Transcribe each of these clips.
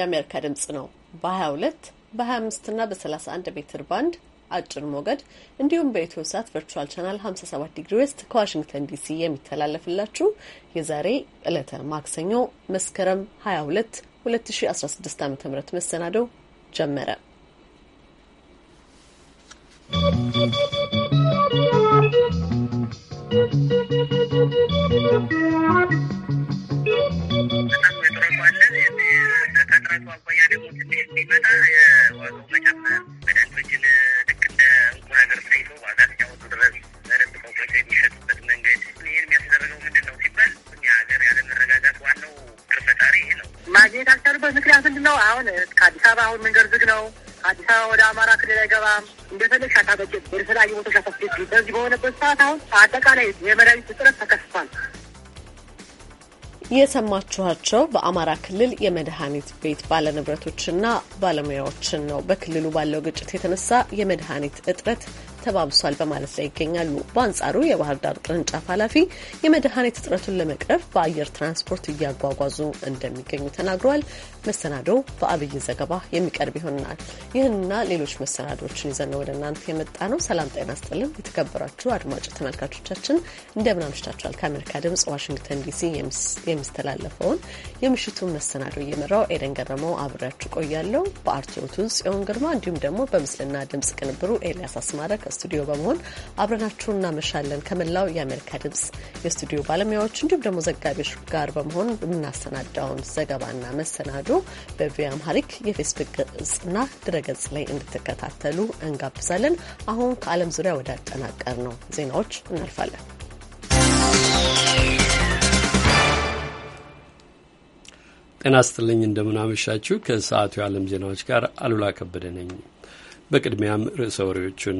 የአሜሪካ ድምጽ ነው። በ22 በ25 እና በ31 ሜትር ባንድ አጭር ሞገድ እንዲሁም በኢትዮ ሳት ቨርቹዋል ቻናል 57 ዲግሪ ዌስት ከዋሽንግተን ዲሲ የሚተላለፍላችሁ የዛሬ ዕለተ ማክሰኞ መስከረም 22 2016 ዓ ም መሰናደው ጀመረ። ¶¶ አኳያ ደግሞ ትንሽ ሲመጣ የዋጋው መጨመር መድኃኒቶችን ልክ እንደ እንቁ ነገር ታይቶ ዋጋ እስኪያወጡ ድረስ በደንብ ቀውቆች የሚሸጡበት መንገድ ይህን የሚያስደረገው ምንድን ነው ሲባል የሀገር ያለ መረጋጋት ዋናው ቅር ፈጣሪ ይሄ ነው። ማግኘት አልቻሉበት ምክንያት ምንድን ነው? አሁን ከአዲስ አበባ አሁን መንገድ ዝግ ነው። አዲስ አበባ ወደ አማራ ክልል አይገባም። እንደፈለግ ሻታ በጀት ወደ ተለያዩ ቦታዎች በዚህ በሆነበት ሰዓት አሁን አጠቃላይ የመድኃኒት እጥረት ተከስቷል። የሰማችኋቸው በአማራ ክልል የመድኃኒት ቤት ባለንብረቶችና ባለሙያዎችን ነው። በክልሉ ባለው ግጭት የተነሳ የመድኃኒት እጥረት ተባብሷል በማለት ላይ ይገኛሉ። በአንጻሩ የባህር ዳር ቅርንጫፍ ኃላፊ የመድኃኒት እጥረቱን ለመቅረፍ በአየር ትራንስፖርት እያጓጓዙ እንደሚገኙ ተናግሯል። መሰናዶው በአብይ ዘገባ የሚቀርብ ይሆናል። ይህንና ሌሎች መሰናዶዎችን ይዘን ወደ እናንተ የመጣ ነው። ሰላም ጤና ስጥልን። የተከበራችሁ አድማጭ ተመልካቾቻችን እንደምን አምሽታችኋል? ከአሜሪካ ድምጽ ዋሽንግተን ዲሲ የሚስተላለፈውን የምሽቱን መሰናዶ እየመራው ኤደን ገረመው አብሬያችሁ ቆያለሁ። በአርትዖቱ ጽዮን ግርማ እንዲሁም ደግሞ በምስልና ድምጽ ቅንብሩ ኤልያስ አስማረ ከስቱዲዮ በመሆን አብረናችሁ እናመሻለን። ከመላው የአሜሪካ ድምጽ የስቱዲዮ ባለሙያዎች እንዲሁም ደግሞ ዘጋቢዎች ጋር በመሆን የምናሰናዳውን ዘገባና መሰናዶ መሰናዶ በቪያምሃሪክ የፌስቡክ ገጽና ድረገጽ ላይ እንድትከታተሉ እንጋብዛለን። አሁን ከዓለም ዙሪያ ወደ አጠናቀር ነው ዜናዎች እናልፋለን። ጤና ይስጥልኝ፣ እንደምናመሻችሁ። ከሰዓቱ የዓለም ዜናዎች ጋር አሉላ ከበደ ነኝ። በቅድሚያም ርዕሰ ወሬዎቹን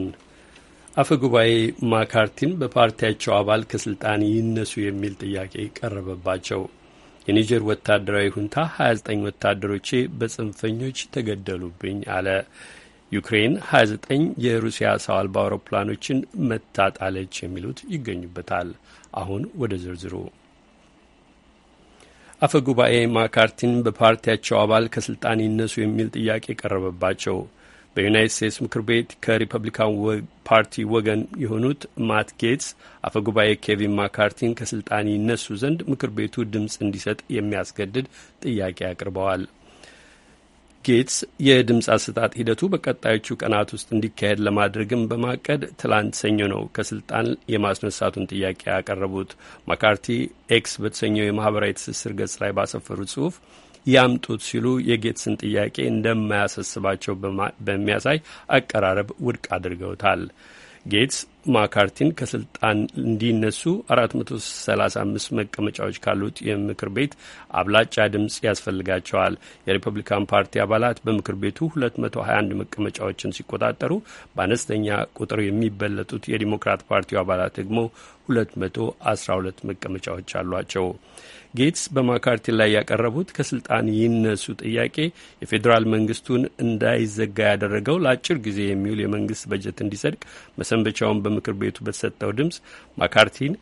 አፈ ጉባኤ ማካርቲን በፓርቲያቸው አባል ከስልጣን ይነሱ የሚል ጥያቄ ቀረበባቸው። የኒጀር ወታደራዊ ሁንታ 29 ወታደሮቼ በጽንፈኞች ተገደሉብኝ አለ። ዩክሬን 29 የሩሲያ ሰው አልባ አውሮፕላኖችን መታጣለች የሚሉት ይገኙበታል። አሁን ወደ ዝርዝሩ። አፈ ጉባኤ ማካርቲን በፓርቲያቸው አባል ከስልጣን ይነሱ የሚል ጥያቄ ቀረበባቸው። በዩናይት ስቴትስ ምክር ቤት ከሪፐብሊካን ፓርቲ ወገን የሆኑት ማት ጌትስ አፈጉባኤ ኬቪን ማካርቲን ከስልጣን ይነሱ ዘንድ ምክር ቤቱ ድምፅ እንዲሰጥ የሚያስገድድ ጥያቄ አቅርበዋል። ጌትስ የድምፅ አሰጣጥ ሂደቱ በቀጣዮቹ ቀናት ውስጥ እንዲካሄድ ለማድረግም በማቀድ ትላንት ሰኞ ነው ከስልጣን የማስነሳቱን ጥያቄ ያቀረቡት። ማካርቲ ኤክስ በተሰኘው የማህበራዊ ትስስር ገጽ ላይ ባሰፈሩት ጽሁፍ ያምጡት ሲሉ የጌትስን ጥያቄ እንደማያሳስባቸው በሚያሳይ አቀራረብ ውድቅ አድርገውታል። ጌትስ ማካርቲን ከስልጣን እንዲነሱ 435 መቀመጫዎች ካሉት የምክር ቤት አብላጫ ድምፅ ያስፈልጋቸዋል። የሪፐብሊካን ፓርቲ አባላት በምክር ቤቱ 221 መቀመጫዎችን ሲቆጣጠሩ በአነስተኛ ቁጥር የሚበለጡት የዲሞክራት ፓርቲው አባላት ደግሞ 212 መቀመጫዎች አሏቸው። ጌትስ በማካርቲ ላይ ያቀረቡት ከስልጣን ይነሱ ጥያቄ የፌዴራል መንግስቱን እንዳይዘጋ ያደረገው ለአጭር ጊዜ የሚውል የመንግስት በጀት እንዲጸድቅ መሰንበቻውን በምክር ቤቱ በተሰጠው ድምፅ ማካርቲን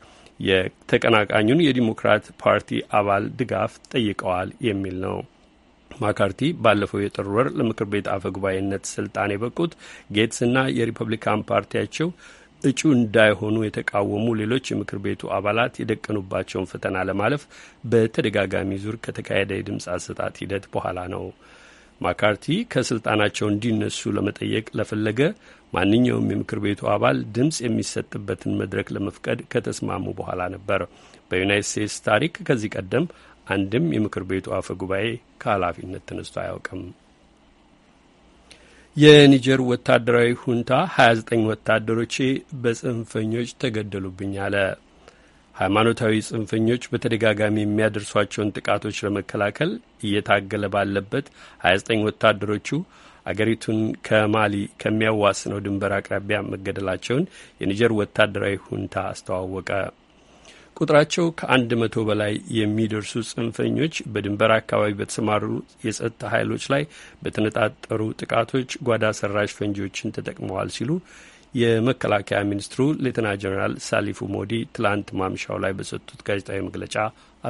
የተቀናቃኙን የዲሞክራት ፓርቲ አባል ድጋፍ ጠይቀዋል የሚል ነው። ማካርቲ ባለፈው የጥር ወር ለምክር ቤት አፈ ጉባኤነት ስልጣን የበቁት ጌትስና የሪፐብሊካን ፓርቲያቸው እጩ እንዳይሆኑ የተቃወሙ ሌሎች የምክር ቤቱ አባላት የደቀኑባቸውን ፈተና ለማለፍ በተደጋጋሚ ዙር ከተካሄደ የድምፅ አሰጣጥ ሂደት በኋላ ነው። ማካርቲ ከስልጣናቸው እንዲነሱ ለመጠየቅ ለፈለገ ማንኛውም የምክር ቤቱ አባል ድምፅ የሚሰጥበትን መድረክ ለመፍቀድ ከተስማሙ በኋላ ነበር። በዩናይት ስቴትስ ታሪክ ከዚህ ቀደም አንድም የምክር ቤቱ አፈ ጉባኤ ከኃላፊነት ተነስቶ አያውቅም። የኒጀር ወታደራዊ ሁንታ 29 ወታደሮቼ በጽንፈኞች ተገደሉብኝ አለ። ሃይማኖታዊ ጽንፈኞች በተደጋጋሚ የሚያደርሷቸውን ጥቃቶች ለመከላከል እየታገለ ባለበት 29 ወታደሮቹ አገሪቱን ከማሊ ከሚያዋስነው ድንበር አቅራቢያ መገደላቸውን የኒጀር ወታደራዊ ሁንታ አስተዋወቀ። ቁጥራቸው ከአንድ መቶ በላይ የሚደርሱ ጽንፈኞች በድንበር አካባቢ በተሰማሩ የጸጥታ ኃይሎች ላይ በተነጣጠሩ ጥቃቶች ጓዳ ሰራሽ ፈንጂዎችን ተጠቅመዋል ሲሉ የመከላከያ ሚኒስትሩ ሌተና ጀኔራል ሳሊፉ ሞዲ ትላንት ማምሻው ላይ በሰጡት ጋዜጣዊ መግለጫ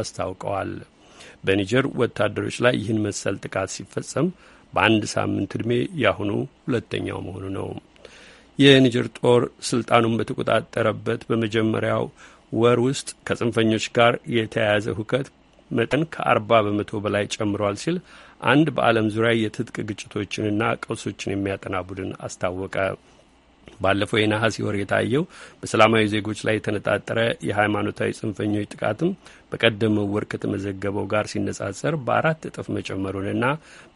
አስታውቀዋል። በኒጀር ወታደሮች ላይ ይህን መሰል ጥቃት ሲፈጸም በአንድ ሳምንት ዕድሜ ያሁኑ ሁለተኛው መሆኑ ነው። የኒጀር ጦር ስልጣኑን በተቆጣጠረበት በመጀመሪያው ወር ውስጥ ከጽንፈኞች ጋር የተያያዘ ሁከት መጠን ከአርባ በመቶ በላይ ጨምሯል ሲል አንድ በዓለም ዙሪያ የትጥቅ ግጭቶችንና ቀውሶችን የሚያጠና ቡድን አስታወቀ። ባለፈው የነሐሴ ወር የታየው በሰላማዊ ዜጎች ላይ የተነጣጠረ የሃይማኖታዊ ጽንፈኞች ጥቃትም በቀደመው ወር ከተመዘገበው ጋር ሲነጻጸር በአራት እጥፍ መጨመሩንና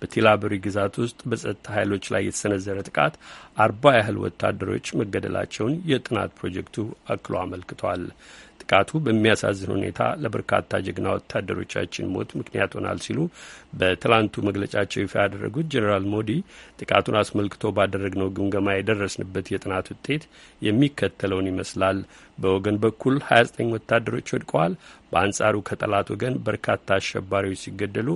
በቴላብሪ ግዛት ውስጥ በጸጥታ ኃይሎች ላይ የተሰነዘረ ጥቃት አርባ ያህል ወታደሮች መገደላቸውን የጥናት ፕሮጀክቱ አክሎ አመልክቷል። ጥቃቱ በሚያሳዝን ሁኔታ ለበርካታ ጀግና ወታደሮቻችን ሞት ምክንያት ሆናል ሲሉ በትላንቱ መግለጫቸው ይፋ ያደረጉት ጀኔራል ሞዲ ጥቃቱን አስመልክቶ ባደረግነው ግምገማ የደረስንበት የጥናት ውጤት የሚከተለውን ይመስላል። በወገን በኩል 29 ወታደሮች ወድቀዋል። በአንጻሩ ከጠላት ወገን በርካታ አሸባሪዎች ሲገደሉ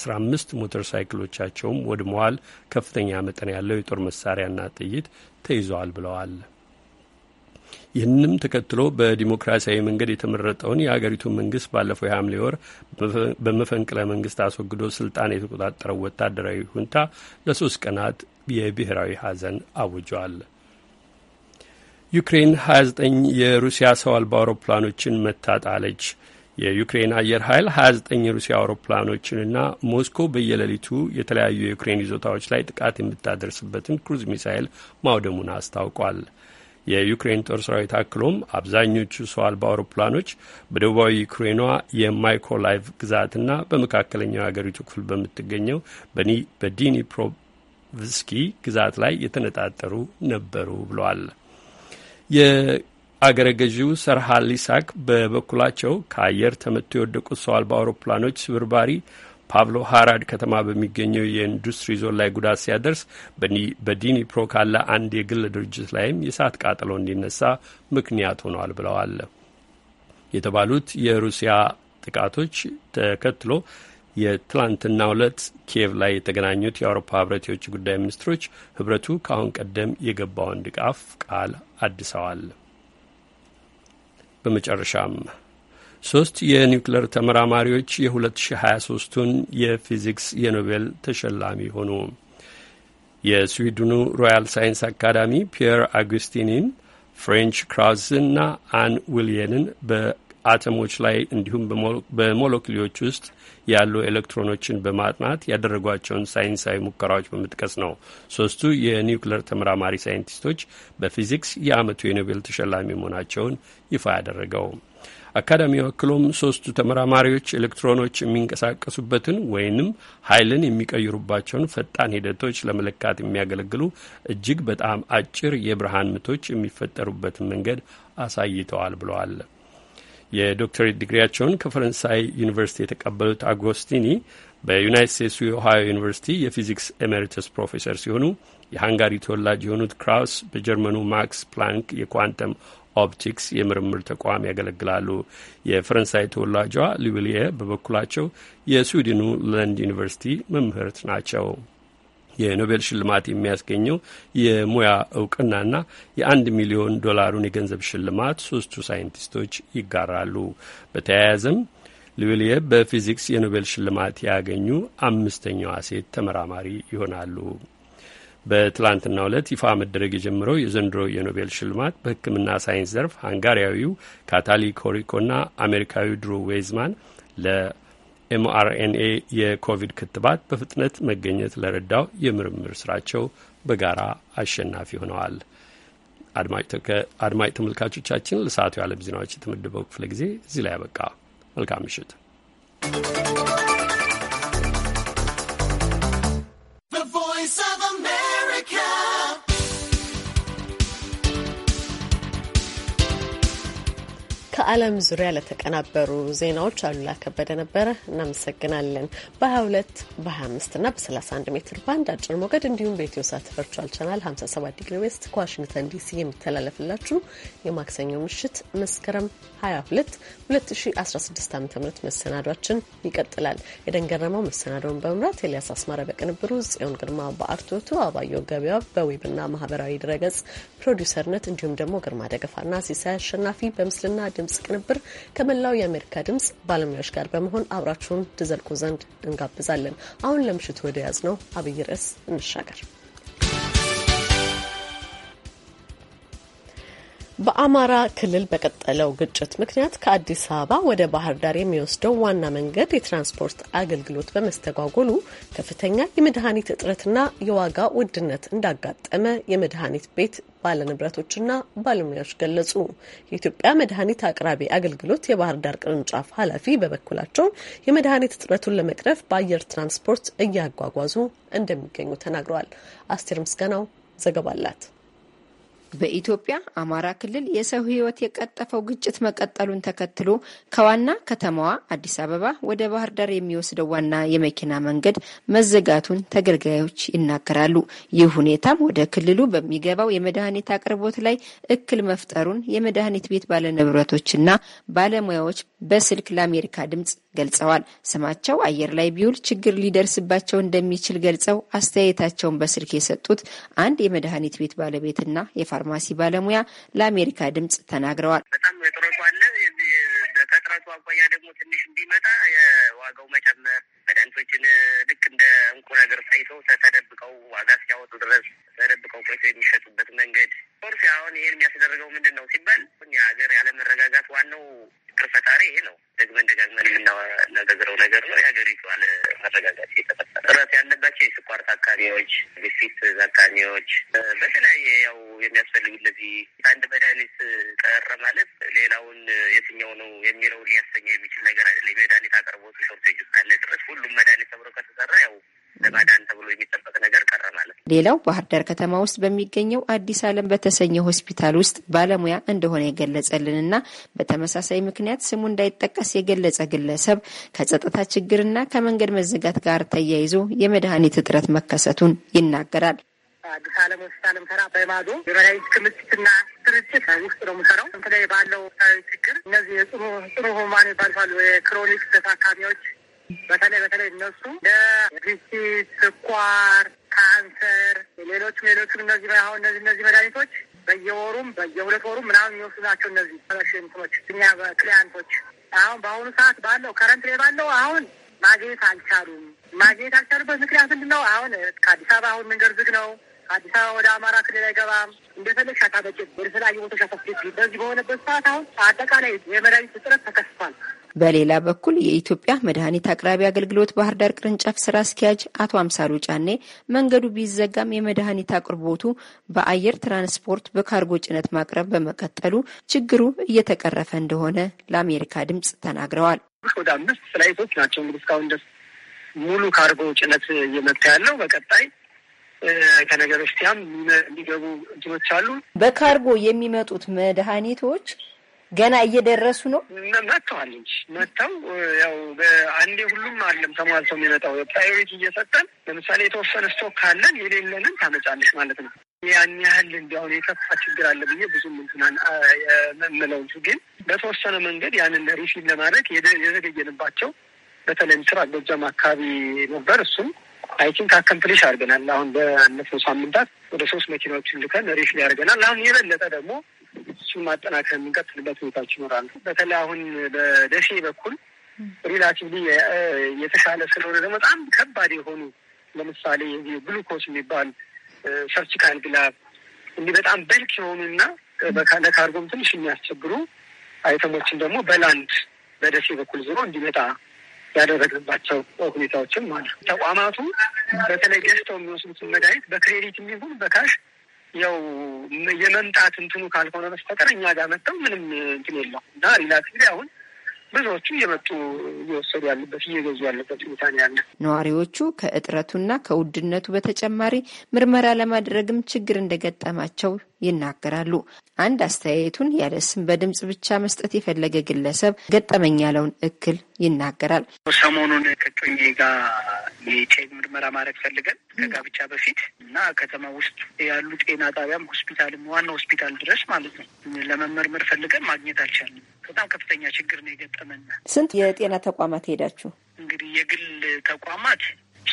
15 ሞተር ሳይክሎቻቸውም ወድመዋል። ከፍተኛ መጠን ያለው የጦር መሳሪያና ጥይት ተይዘዋል ብለዋል። ይህንም ተከትሎ በዲሞክራሲያዊ መንገድ የተመረጠውን የአገሪቱ መንግስት ባለፈው የሐምሌ ወር በመፈንቅለ መንግስት አስወግዶ ስልጣን የተቆጣጠረው ወታደራዊ ሁንታ ለሶስት ቀናት የብሔራዊ ሐዘን አውጇል። ዩክሬን 29 የሩሲያ ሰው አልባ አውሮፕላኖችን መታጣለች። የዩክሬን አየር ኃይል 29 የሩሲያ አውሮፕላኖችንና ሞስኮ በየሌሊቱ የተለያዩ የዩክሬን ይዞታዎች ላይ ጥቃት የምታደርስበትን ክሩዝ ሚሳይል ማውደሙን አስታውቋል። የዩክሬን ጦር ሰራዊት አክሎም አብዛኞቹ ሰው አልባ አውሮፕላኖች በደቡባዊ ዩክሬኗ የማይኮላይቭ ግዛትና በመካከለኛው የአገሪቱ ክፍል በምትገኘው በዲኒፕሮቭስኪ ግዛት ላይ የተነጣጠሩ ነበሩ ብለዋል። አገረ ገዢው ሰርሃ ሊሳክ በበኩላቸው ከአየር ተመቶ የወደቁት ሰው አልባ አውሮፕላኖች ስብርባሪ ፓብሎ ሀራድ ከተማ በሚገኘው የኢንዱስትሪ ዞን ላይ ጉዳት ሲያደርስ በዲኒፕሮ ካለ አንድ የግል ድርጅት ላይም የእሳት ቃጠሎ እንዲነሳ ምክንያት ሆኗል ብለዋል። የተባሉት የሩሲያ ጥቃቶች ተከትሎ የትላንትና ዕለት ኪየቭ ላይ የተገናኙት የአውሮፓ ህብረት የውጭ ጉዳይ ሚኒስትሮች ህብረቱ ከአሁን ቀደም የገባውን ድጋፍ ቃል አድሰዋል። በመጨረሻም ሶስት የኒውክሌር ተመራማሪዎች የ2023ቱን የፊዚክስ የኖቤል ተሸላሚ ሆኑ። የስዊድኑ ሮያል ሳይንስ አካዳሚ ፒየር አጉስቲኒን፣ ፍሬንች ና አን ዊልየንን በአተሞች ላይ እንዲሁም በሞለኪውሎች ውስጥ ያሉ ኤሌክትሮኖችን በማጥናት ያደረጓቸውን ሳይንሳዊ ሙከራዎች በመጥቀስ ነው ሶስቱ የኒውክሌር ተመራማሪ ሳይንቲስቶች በፊዚክስ የዓመቱ የኖቤል ተሸላሚ መሆናቸውን ይፋ ያደረገው። አካዳሚው አክሎም ሶስቱ ተመራማሪዎች ኤሌክትሮኖች የሚንቀሳቀሱበትን ወይንም ኃይልን የሚቀይሩባቸውን ፈጣን ሂደቶች ለመለካት የሚያገለግሉ እጅግ በጣም አጭር የብርሃን ምቶች የሚፈጠሩበትን መንገድ አሳይተዋል ብለዋል። የዶክተሬት ዲግሪያቸውን ከፈረንሳይ ዩኒቨርሲቲ የተቀበሉት አጎስቲኒ በዩናይት ስቴትሱ የኦሃዮ ዩኒቨርሲቲ የፊዚክስ ኤሜሪተስ ፕሮፌሰር ሲሆኑ የሃንጋሪ ተወላጅ የሆኑት ክራውስ በጀርመኑ ማክስ ፕላንክ የኳንተም ኦፕቲክስ የምርምር ተቋም ያገለግላሉ። የፈረንሳይ ተወላጇ ሊብሊየ በበኩላቸው የስዊድኑ ለንድ ዩኒቨርሲቲ መምህርት ናቸው። የኖቤል ሽልማት የሚያስገኘው የሙያ እውቅናና የአንድ ሚሊዮን ዶላሩን የገንዘብ ሽልማት ሶስቱ ሳይንቲስቶች ይጋራሉ። በተያያዘም ሊዊልየ በፊዚክስ የኖቤል ሽልማት ያገኙ አምስተኛዋ ሴት ተመራማሪ ይሆናሉ። በትላንትናው ዕለት ይፋ መደረግ የጀመረው የዘንድሮ የኖቤል ሽልማት በሕክምና ሳይንስ ዘርፍ ሃንጋሪያዊው ካታሊ ኮሪኮና አሜሪካዊው ድሮ ዌዝማን ለኤምአርኤንኤ የኮቪድ ክትባት በፍጥነት መገኘት ለረዳው የምርምር ስራቸው በጋራ አሸናፊ ሆነዋል። አድማጭ ተመልካቾቻችን፣ ለሰዓቱ የዓለም ዜናዎች የተመደበው ክፍለ ጊዜ እዚህ ላይ ያበቃ። መልካም ምሽት። ከዓለም ዙሪያ ለተቀናበሩ ዜናዎች አሉላ ከበደ ነበረ። እናመሰግናለን። በ22 በ25 እና በ31 ሜትር ባንድ አጭር ሞገድ እንዲሁም በኢትዮ ሳት ቨርቹዋል ቻናል 57 ዲግሪ ዌስት ከዋሽንግተን ዲሲ የሚተላለፍላችሁ የማክሰኞ ምሽት መስከረም 22 2016 ዓ ም መሰናዷችን ይቀጥላል። የደንገረመው መሰናዶውን በመምራት ኤልያስ አስማረ በቅንብሩ፣ ጽዮን ግርማ በአርቶቱ፣ አባየው ገበያ በዌብና ማህበራዊ ድረገጽ ፕሮዲውሰርነት እንዲሁም ደግሞ ግርማ ደገፋና ሲሳይ አሸናፊ በምስልና ድምጽ ድምፅ ቅንብር ከመላው የአሜሪካ ድምፅ ባለሙያዎች ጋር በመሆን አብራችሁን ትዘልቁ ዘንድ እንጋብዛለን። አሁን ለምሽቱ ወደ ያዝ ነው አብይ ርዕስ እንሻገር። በአማራ ክልል በቀጠለው ግጭት ምክንያት ከአዲስ አበባ ወደ ባህር ዳር የሚወስደው ዋና መንገድ የትራንስፖርት አገልግሎት በመስተጓጎሉ ከፍተኛ የመድኃኒት እጥረትና የዋጋ ውድነት እንዳጋጠመ የመድኃኒት ቤት ባለንብረቶችና ባለሙያዎች ገለጹ። የኢትዮጵያ መድኃኒት አቅራቢ አገልግሎት የባህር ዳር ቅርንጫፍ ኃላፊ በበኩላቸው የመድኃኒት እጥረቱን ለመቅረፍ በአየር ትራንስፖርት እያጓጓዙ እንደሚገኙ ተናግረዋል። አስቴር ምስጋናው ዘገባ አላት። በኢትዮጵያ አማራ ክልል የሰው ህይወት የቀጠፈው ግጭት መቀጠሉን ተከትሎ ከዋና ከተማዋ አዲስ አበባ ወደ ባህር ዳር የሚወስደው ዋና የመኪና መንገድ መዘጋቱን ተገልጋዮች ይናገራሉ። ይህ ሁኔታም ወደ ክልሉ በሚገባው የመድኃኒት አቅርቦት ላይ እክል መፍጠሩን የመድኃኒት ቤት ባለንብረቶችና ባለሙያዎች በስልክ ለአሜሪካ ድምጽ ገልጸዋል። ስማቸው አየር ላይ ቢውል ችግር ሊደርስባቸው እንደሚችል ገልጸው አስተያየታቸውን በስልክ የሰጡት አንድ የመድኃኒት ቤት ባለቤትና የፋርማሲ ባለሙያ ለአሜሪካ ድምጽ ተናግረዋል። በጣም እጥረቱ አለ። ከጥረቱ አኳያ ደግሞ ትንሽ እንዲመጣ የዋጋው መጨመር መድኃኒቶችን ልክ እንደ እንቁ ነገር ሳይተው ተደብቀው ዋጋ እስኪያወጡ ድረስ ተደብቀው ቆይቶ የሚሸጡበት መንገድ ርስ አሁን ይህን የሚያስደርገው ምንድን ነው ሲባል የሀገር ያለመረጋጋት ዋናው ፈጣሪ ይሄ ነው። ደግመን ደጋግመን የምናነግረው ነገር ነው። የሀገሪቱ አለመረጋጋት የተፈጠረ ጥረት ያለባቸው የስኳር ታካሚዎች፣ ግፊት ታካሚዎች በተለያየ ያው የሚያስፈልጉ እነዚህ አንድ መድኃኒት ቀረ ማለት ሌላውን የትኛው ነው የሚለው ሊያሰኘው የሚችል ነገር አይደለም። የመድኃኒት አቅርቦት ሾርቴጅ ካለ ድረስ ሁሉም መድኃኒት ተብሎ ከተሰራ ያው ለማዳን ተብሎ የሚጠበቅ ነገር ቀረ ማለት ነው። ሌላው ባህር ዳር ከተማ ውስጥ በሚገኘው አዲስ አለም በተሰኘ ሆስፒታል ውስጥ ባለሙያ እንደሆነ የገለጸልን የገለጸልንና በተመሳሳይ ምክንያት ስሙ እንዳይጠቀስ የገለጸ ግለሰብ ከጸጥታ ችግርና ከመንገድ መዘጋት ጋር ተያይዞ የመድኃኒት እጥረት መከሰቱን ይናገራል። አዲስ አለም ሆስፒታል ምሰራ በማዶ የመድኃኒት ክምችትና ስርጭት ውስጥ ነው የምሰራው። በተለይ ባለው ችግር እነዚህ የጽኑ ጽኑ ህሙማን ይባላሉ የክሮኒክ ታካሚዎች በተለይ በተለይ እነሱ ለግፊት፣ ስኳር፣ ካንሰር፣ ሌሎችም ሌሎችም እነዚህ አሁን እነዚህ እነዚህ መድኃኒቶች በየወሩም በየሁለት ወሩም ምናምን የሚወስዱ ናቸው። እነዚህ ሸንትኖች እኛ ክሊያንቶች አሁን በአሁኑ ሰዓት ባለው ከረንት ላይ ባለው አሁን ማግኘት አልቻሉም። ማግኘት አልቻሉበት ምክንያት ምንድን ነው? አሁን ከአዲስ አበባ አሁን መንገድ ዝግ ነው። አዲስ አበባ ወደ አማራ ክልል አይገባም፣ እንደፈለግሽ አታበጭም፣ ወደ ተለያዩ ቦታዎች አታስገቢ። በዚህ በሆነበት ሰዓት አሁን አጠቃላይ የመድኃኒት እጥረት ተከስቷል። በሌላ በኩል የኢትዮጵያ መድኃኒት አቅራቢ አገልግሎት ባህር ዳር ቅርንጫፍ ስራ አስኪያጅ አቶ አምሳሉ ጫኔ መንገዱ ቢዘጋም የመድኃኒት አቅርቦቱ በአየር ትራንስፖርት በካርጎ ጭነት ማቅረብ በመቀጠሉ ችግሩ እየተቀረፈ እንደሆነ ለአሜሪካ ድምጽ ተናግረዋል። ወደ አምስት ፍላይቶች ናቸው እንግዲህ እስካሁን ድረስ ሙሉ ካርጎ ጭነት እየመጣ ያለው በቀጣይ ከነገ በስቲያም የሚገቡ እንትኖች አሉ። በካርጎ የሚመጡት መድኃኒቶች ገና እየደረሱ ነው። መጥተዋል እንጂ መጥተው ያው በአንዴ ሁሉም አለም ተሟልተው የሚመጣው ፕራዮሪቲ እየሰጠን ለምሳሌ የተወሰነ ስቶክ ካለን የሌለንን ታመጫለች ማለት ነው። ያን ያህል እንዲሁን የከፋ ችግር አለ ብዬ ብዙም እንትናን የምለው ግን በተወሰነ መንገድ ያንን ሪፊል ለማድረግ የዘገየንባቸው በተለይም ምስራቅ ጎጃም አካባቢ ነበር። እሱም አይቲንክ አከምፕሊሽ አድርገናል። አሁን በአነፈው ሳምንታት ወደ ሶስት መኪናዎችን ልከን ሪፍ ላይ አሁን የበለጠ ደግሞ እሱን ማጠናከር የምንቀጥልበት ሁኔታዎች ይኖራሉ። በተለይ አሁን በደሴ በኩል ሪላቲቭሊ የተሻለ ስለሆነ ደግሞ በጣም ከባድ የሆኑ ለምሳሌ ግሉኮስ የሚባል ሰርችካን ግላብ እንዲህ በጣም በልክ የሆኑና ለካርጎም ትንሽ የሚያስቸግሩ አይተሞችን ደግሞ በላንድ በደሴ በኩል ዞሮ እንዲመጣ ያደረግንባቸው ሁኔታዎችም አሉ። ተቋማቱ በተለይ ገዝተው የሚወስዱትን መድኃኒት በክሬዲት የሚሆን በካሽ ያው የመምጣት እንትኑ ካልሆነ በስተቀር እኛ ጋር መጥተው ምንም እንትን የለው እና ሪላክስ አሁን ብዙዎቹ እየመጡ እየወሰዱ ያለበት እየገዙ ያለበት ሁኔታ ነው ያለ። ነዋሪዎቹ ከእጥረቱና ከውድነቱ በተጨማሪ ምርመራ ለማድረግም ችግር እንደገጠማቸው ይናገራሉ። አንድ አስተያየቱን ያለ ስም በድምጽ ብቻ መስጠት የፈለገ ግለሰብ ገጠመኝ ያለውን እክል ይናገራል። ሰሞኑን ከጮኜ ጋር የቻይልድ ምርመራ ማድረግ ፈልገን ከጋብቻ በፊት እና ከተማ ውስጥ ያሉ ጤና ጣቢያም ሆስፒታልም ዋና ሆስፒታል ድረስ ማለት ነው ለመመርመር ፈልገን ማግኘት አልቻልንም። በጣም ከፍተኛ ችግር ነው የገጠመን። ስንት የጤና ተቋማት ሄዳችሁ? እንግዲህ የግል ተቋማት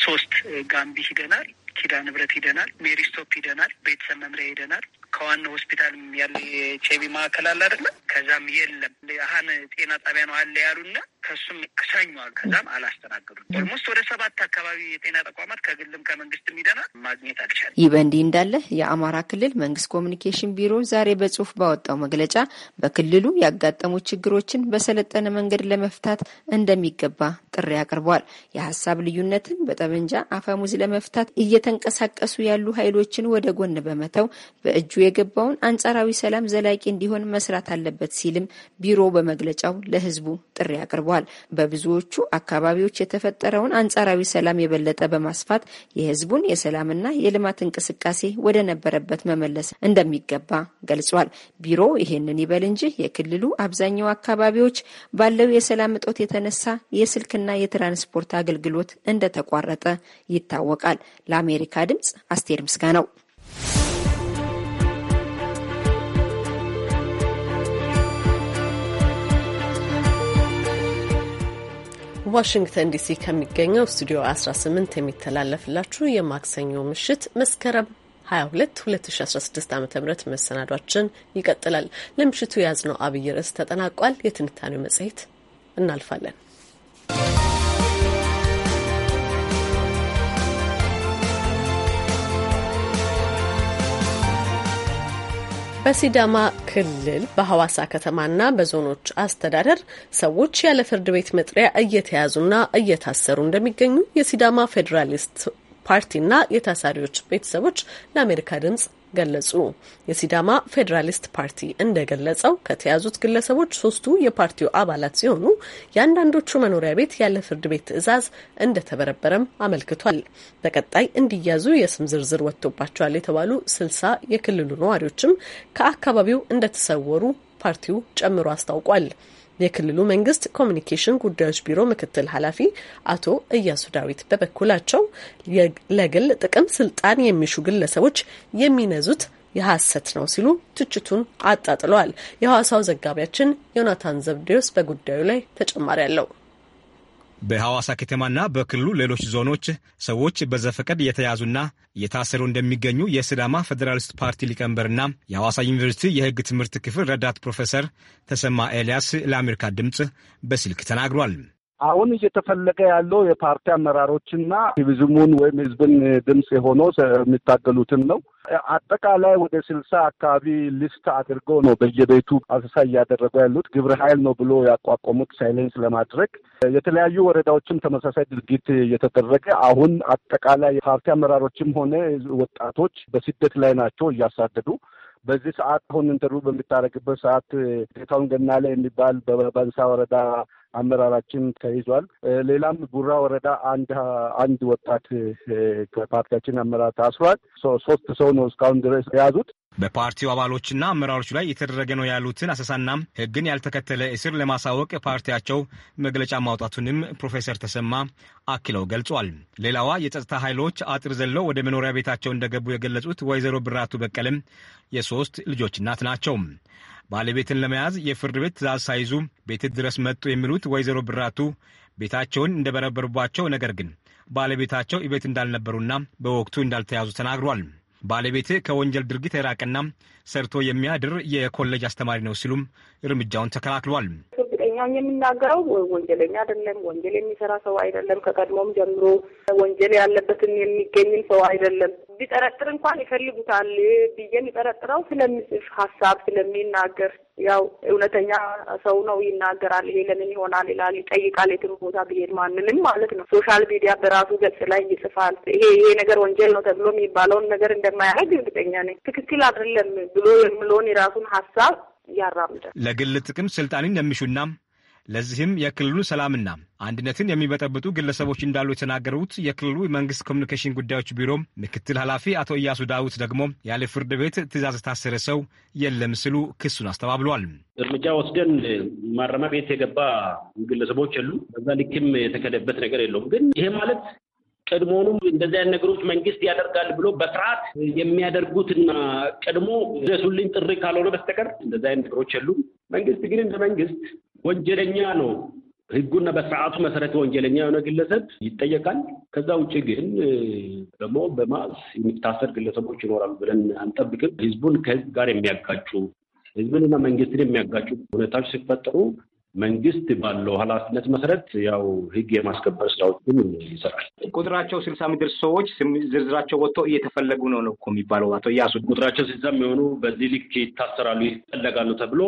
ሶስት ጋምቢ ሂደናል፣ ኪዳ ንብረት ሂደናል፣ ሜሪስቶፕ ሂደናል፣ ቤተሰብ መምሪያ ሂደናል። ከዋና ሆስፒታል ያለ የኤችአይቪ ማዕከል አለ አይደለ? ከዛም የለም አሀን ጤና ጣቢያ ነው አለ ያሉና ከሱም ሰኟል። ከዛም አላስተናገዱ ኦልሞስት ወደ ሰባት አካባቢ የጤና ተቋማት ከግልም ከመንግስት ሂደናል፣ ማግኘት አልቻለም። ይህ በእንዲህ እንዳለ የአማራ ክልል መንግስት ኮሚኒኬሽን ቢሮ ዛሬ በጽሁፍ ባወጣው መግለጫ በክልሉ ያጋጠሙ ችግሮችን በሰለጠነ መንገድ ለመፍታት እንደሚገባ ጥሪ አቅርቧል። የሀሳብ ልዩነትን በጠመንጃ አፈሙዝ ለመፍታት እየተንቀሳቀሱ ያሉ ኃይሎችን ወደ ጎን በመተው በእጁ የገባውን አንጻራዊ ሰላም ዘላቂ እንዲሆን መስራት አለበት ሲልም ቢሮ በመግለጫው ለህዝቡ ጥሪ አቅርቧል። አሳስቧል። በብዙዎቹ አካባቢዎች የተፈጠረውን አንጻራዊ ሰላም የበለጠ በማስፋት የህዝቡን የሰላምና የልማት እንቅስቃሴ ወደ ነበረበት መመለስ እንደሚገባ ገልጿል። ቢሮ ይህንን ይበል እንጂ የክልሉ አብዛኛው አካባቢዎች ባለው የሰላም እጦት የተነሳ የስልክና የትራንስፖርት አገልግሎት እንደተቋረጠ ይታወቃል። ለአሜሪካ ድምጽ አስቴር ምስጋ ነው። ዋሽንግተን ዲሲ ከሚገኘው ስቱዲዮ 18 የሚተላለፍላችሁ የማክሰኞ ምሽት መስከረም 22 2016 ዓ ም መሰናዷችን ይቀጥላል። ለምሽቱ የያዝነው አብይ ርዕስ ተጠናቋል። የትንታኔው መጽሔት እናልፋለን። በሲዳማ ክልል በሐዋሳ ከተማና በዞኖች አስተዳደር ሰዎች ያለ ፍርድ ቤት መጥሪያ እየተያዙና እየታሰሩ እንደሚገኙ የሲዳማ ፌዴራሊስት ፓርቲና የታሳሪዎች ቤተሰቦች ለአሜሪካ ድምጽ ገለጹ። የሲዳማ ፌዴራሊስት ፓርቲ እንደገለጸው ከተያዙት ግለሰቦች ሶስቱ የፓርቲው አባላት ሲሆኑ የአንዳንዶቹ መኖሪያ ቤት ያለ ፍርድ ቤት ትዕዛዝ እንደተበረበረም አመልክቷል። በቀጣይ እንዲያዙ የስም ዝርዝር ወጥቶባቸዋል የተባሉ ስልሳ የክልሉ ነዋሪዎችም ከአካባቢው እንደተሰወሩ ፓርቲው ጨምሮ አስታውቋል። የክልሉ መንግስት ኮሚኒኬሽን ጉዳዮች ቢሮ ምክትል ኃላፊ አቶ እያሱ ዳዊት በበኩላቸው ለግል ጥቅም ስልጣን የሚሹ ግለሰቦች የሚነዙት የሐሰት ነው ሲሉ ትችቱን አጣጥለዋል። የሐዋሳው ዘጋቢያችን ዮናታን ዘብዴዎስ በጉዳዩ ላይ ተጨማሪ አለው። በሐዋሳ ከተማና በክልሉ ሌሎች ዞኖች ሰዎች በዘፈቀድ የተያዙና የታሰሩ እንደሚገኙ የስዳማ ፌዴራሊስት ፓርቲ ሊቀመንበርና የሐዋሳ ዩኒቨርሲቲ የሕግ ትምህርት ክፍል ረዳት ፕሮፌሰር ተሰማ ኤልያስ ለአሜሪካ ድምፅ በስልክ ተናግሯል። አሁን እየተፈለገ ያለው የፓርቲ አመራሮችና ቲቪዝሙን ወይም ህዝብን ድምፅ የሆኖ የሚታገሉትን ነው። አጠቃላይ ወደ ስልሳ አካባቢ ሊስት አድርገው ነው በየቤቱ አሰሳ እያደረጉ ያሉት። ግብረ ኃይል ነው ብሎ ያቋቋሙት ሳይለንስ ለማድረግ የተለያዩ ወረዳዎችም ተመሳሳይ ድርጊት እየተደረገ አሁን አጠቃላይ የፓርቲ አመራሮችም ሆነ ወጣቶች በስደት ላይ ናቸው እያሳደዱ በዚህ ሰዓት አሁን ኢንተርቪው በሚታረግበት ሰዓት ገና ላይ የሚባል በበንሳ ወረዳ አመራራችን ተይዟል። ሌላም ጉራ ወረዳ አንድ አንድ ወጣት ከፓርቲያችን አመራር ታስሯል። ሶስት ሰው ነው እስካሁን ድረስ የያዙት። በፓርቲው አባሎችና አመራሮች ላይ የተደረገ ነው ያሉትን አሰሳና ሕግን ያልተከተለ እስር ለማሳወቅ ፓርቲያቸው መግለጫ ማውጣቱንም ፕሮፌሰር ተሰማ አክለው ገልጿል። ሌላዋ የጸጥታ ኃይሎች አጥር ዘለው ወደ መኖሪያ ቤታቸው እንደገቡ የገለጹት ወይዘሮ ብራቱ በቀለም የሶስት ልጆች እናት ናቸው። ባለቤትን ለመያዝ የፍርድ ቤት ትእዛዝ ሳይዙ ቤት ድረስ መጡ የሚሉት ወይዘሮ ብራቱ ቤታቸውን እንደበረበሩባቸው ነገር ግን ባለቤታቸው ቤት እንዳልነበሩና በወቅቱ እንዳልተያዙ ተናግሯል። ባለቤት ከወንጀል ድርጊት የራቀና ሰርቶ የሚያድር የኮሌጅ አስተማሪ ነው ሲሉም እርምጃውን ተከላክሏል። አብዛኛውን የምናገረው ወንጀለኛ አይደለም፣ ወንጀል የሚሰራ ሰው አይደለም፣ ከቀድሞም ጀምሮ ወንጀል ያለበትን የሚገኝም ሰው አይደለም። ቢጠረጥር እንኳን ይፈልጉታል ብዬ የሚጠረጥረው ስለሚጽፍ ሀሳብ ስለሚናገር ያው እውነተኛ ሰው ነው ይናገራል። ይሄ ለምን ይሆናል ይላል፣ ይጠይቃል። የትም ቦታ ብሄድ ማንንም ማለት ነው። ሶሻል ሚዲያ በራሱ ገጽ ላይ ይጽፋል። ይሄ ይሄ ነገር ወንጀል ነው ተብሎ የሚባለውን ነገር እንደማያደርግ እርግጠኛ ነኝ። ትክክል አይደለም ብሎ የምለውን የራሱን ሀሳብ ያራምዳል። ለግል ጥቅም ስልጣንን የሚሹና ለዚህም የክልሉን ሰላምና አንድነትን የሚበጠብጡ ግለሰቦች እንዳሉ የተናገሩት የክልሉ መንግስት ኮሚኒኬሽን ጉዳዮች ቢሮ ምክትል ኃላፊ አቶ እያሱ ዳዊት ደግሞ ያለ ፍርድ ቤት ትእዛዝ የታሰረ ሰው የለም ሲሉ ክሱን አስተባብሏል። እርምጃ ወስደን ማረሚያ ቤት የገባ ግለሰቦች የሉ፣ በዛ ልክም የተከደበት ነገር የለውም። ግን ይሄ ማለት ቀድሞኑ እንደዚህ አይነት ነገሮች መንግስት ያደርጋል ብሎ በስርዓት የሚያደርጉትና ቀድሞ ድረሱልኝ ጥሪ ካልሆነ በስተቀር እንደዚህ አይነት ነገሮች የሉም። መንግስት ግን እንደ መንግስት ወንጀለኛ ነው ህጉና በስርዓቱ መሰረት ወንጀለኛ የሆነ ግለሰብ ይጠየቃል። ከዛ ውጭ ግን ደግሞ በማስ የሚታሰር ግለሰቦች ይኖራሉ ብለን አንጠብቅም። ህዝቡን ከህዝብ ጋር የሚያጋጩ ህዝብንና መንግስትን የሚያጋጩ ሁኔታዎች ሲፈጠሩ መንግስት ባለው ኃላፊነት መሰረት ያው ህግ የማስከበር ስራዎችም ይሰራል። ቁጥራቸው ስልሳ የሚደርሱ ሰዎች ዝርዝራቸው ወጥቶ እየተፈለጉ ነው ነው የሚባለው። አቶ እያሱ ቁጥራቸው ስልሳ የሚሆኑ በዚህ ልክ ይታሰራሉ፣ ይፈለጋሉ ተብሎ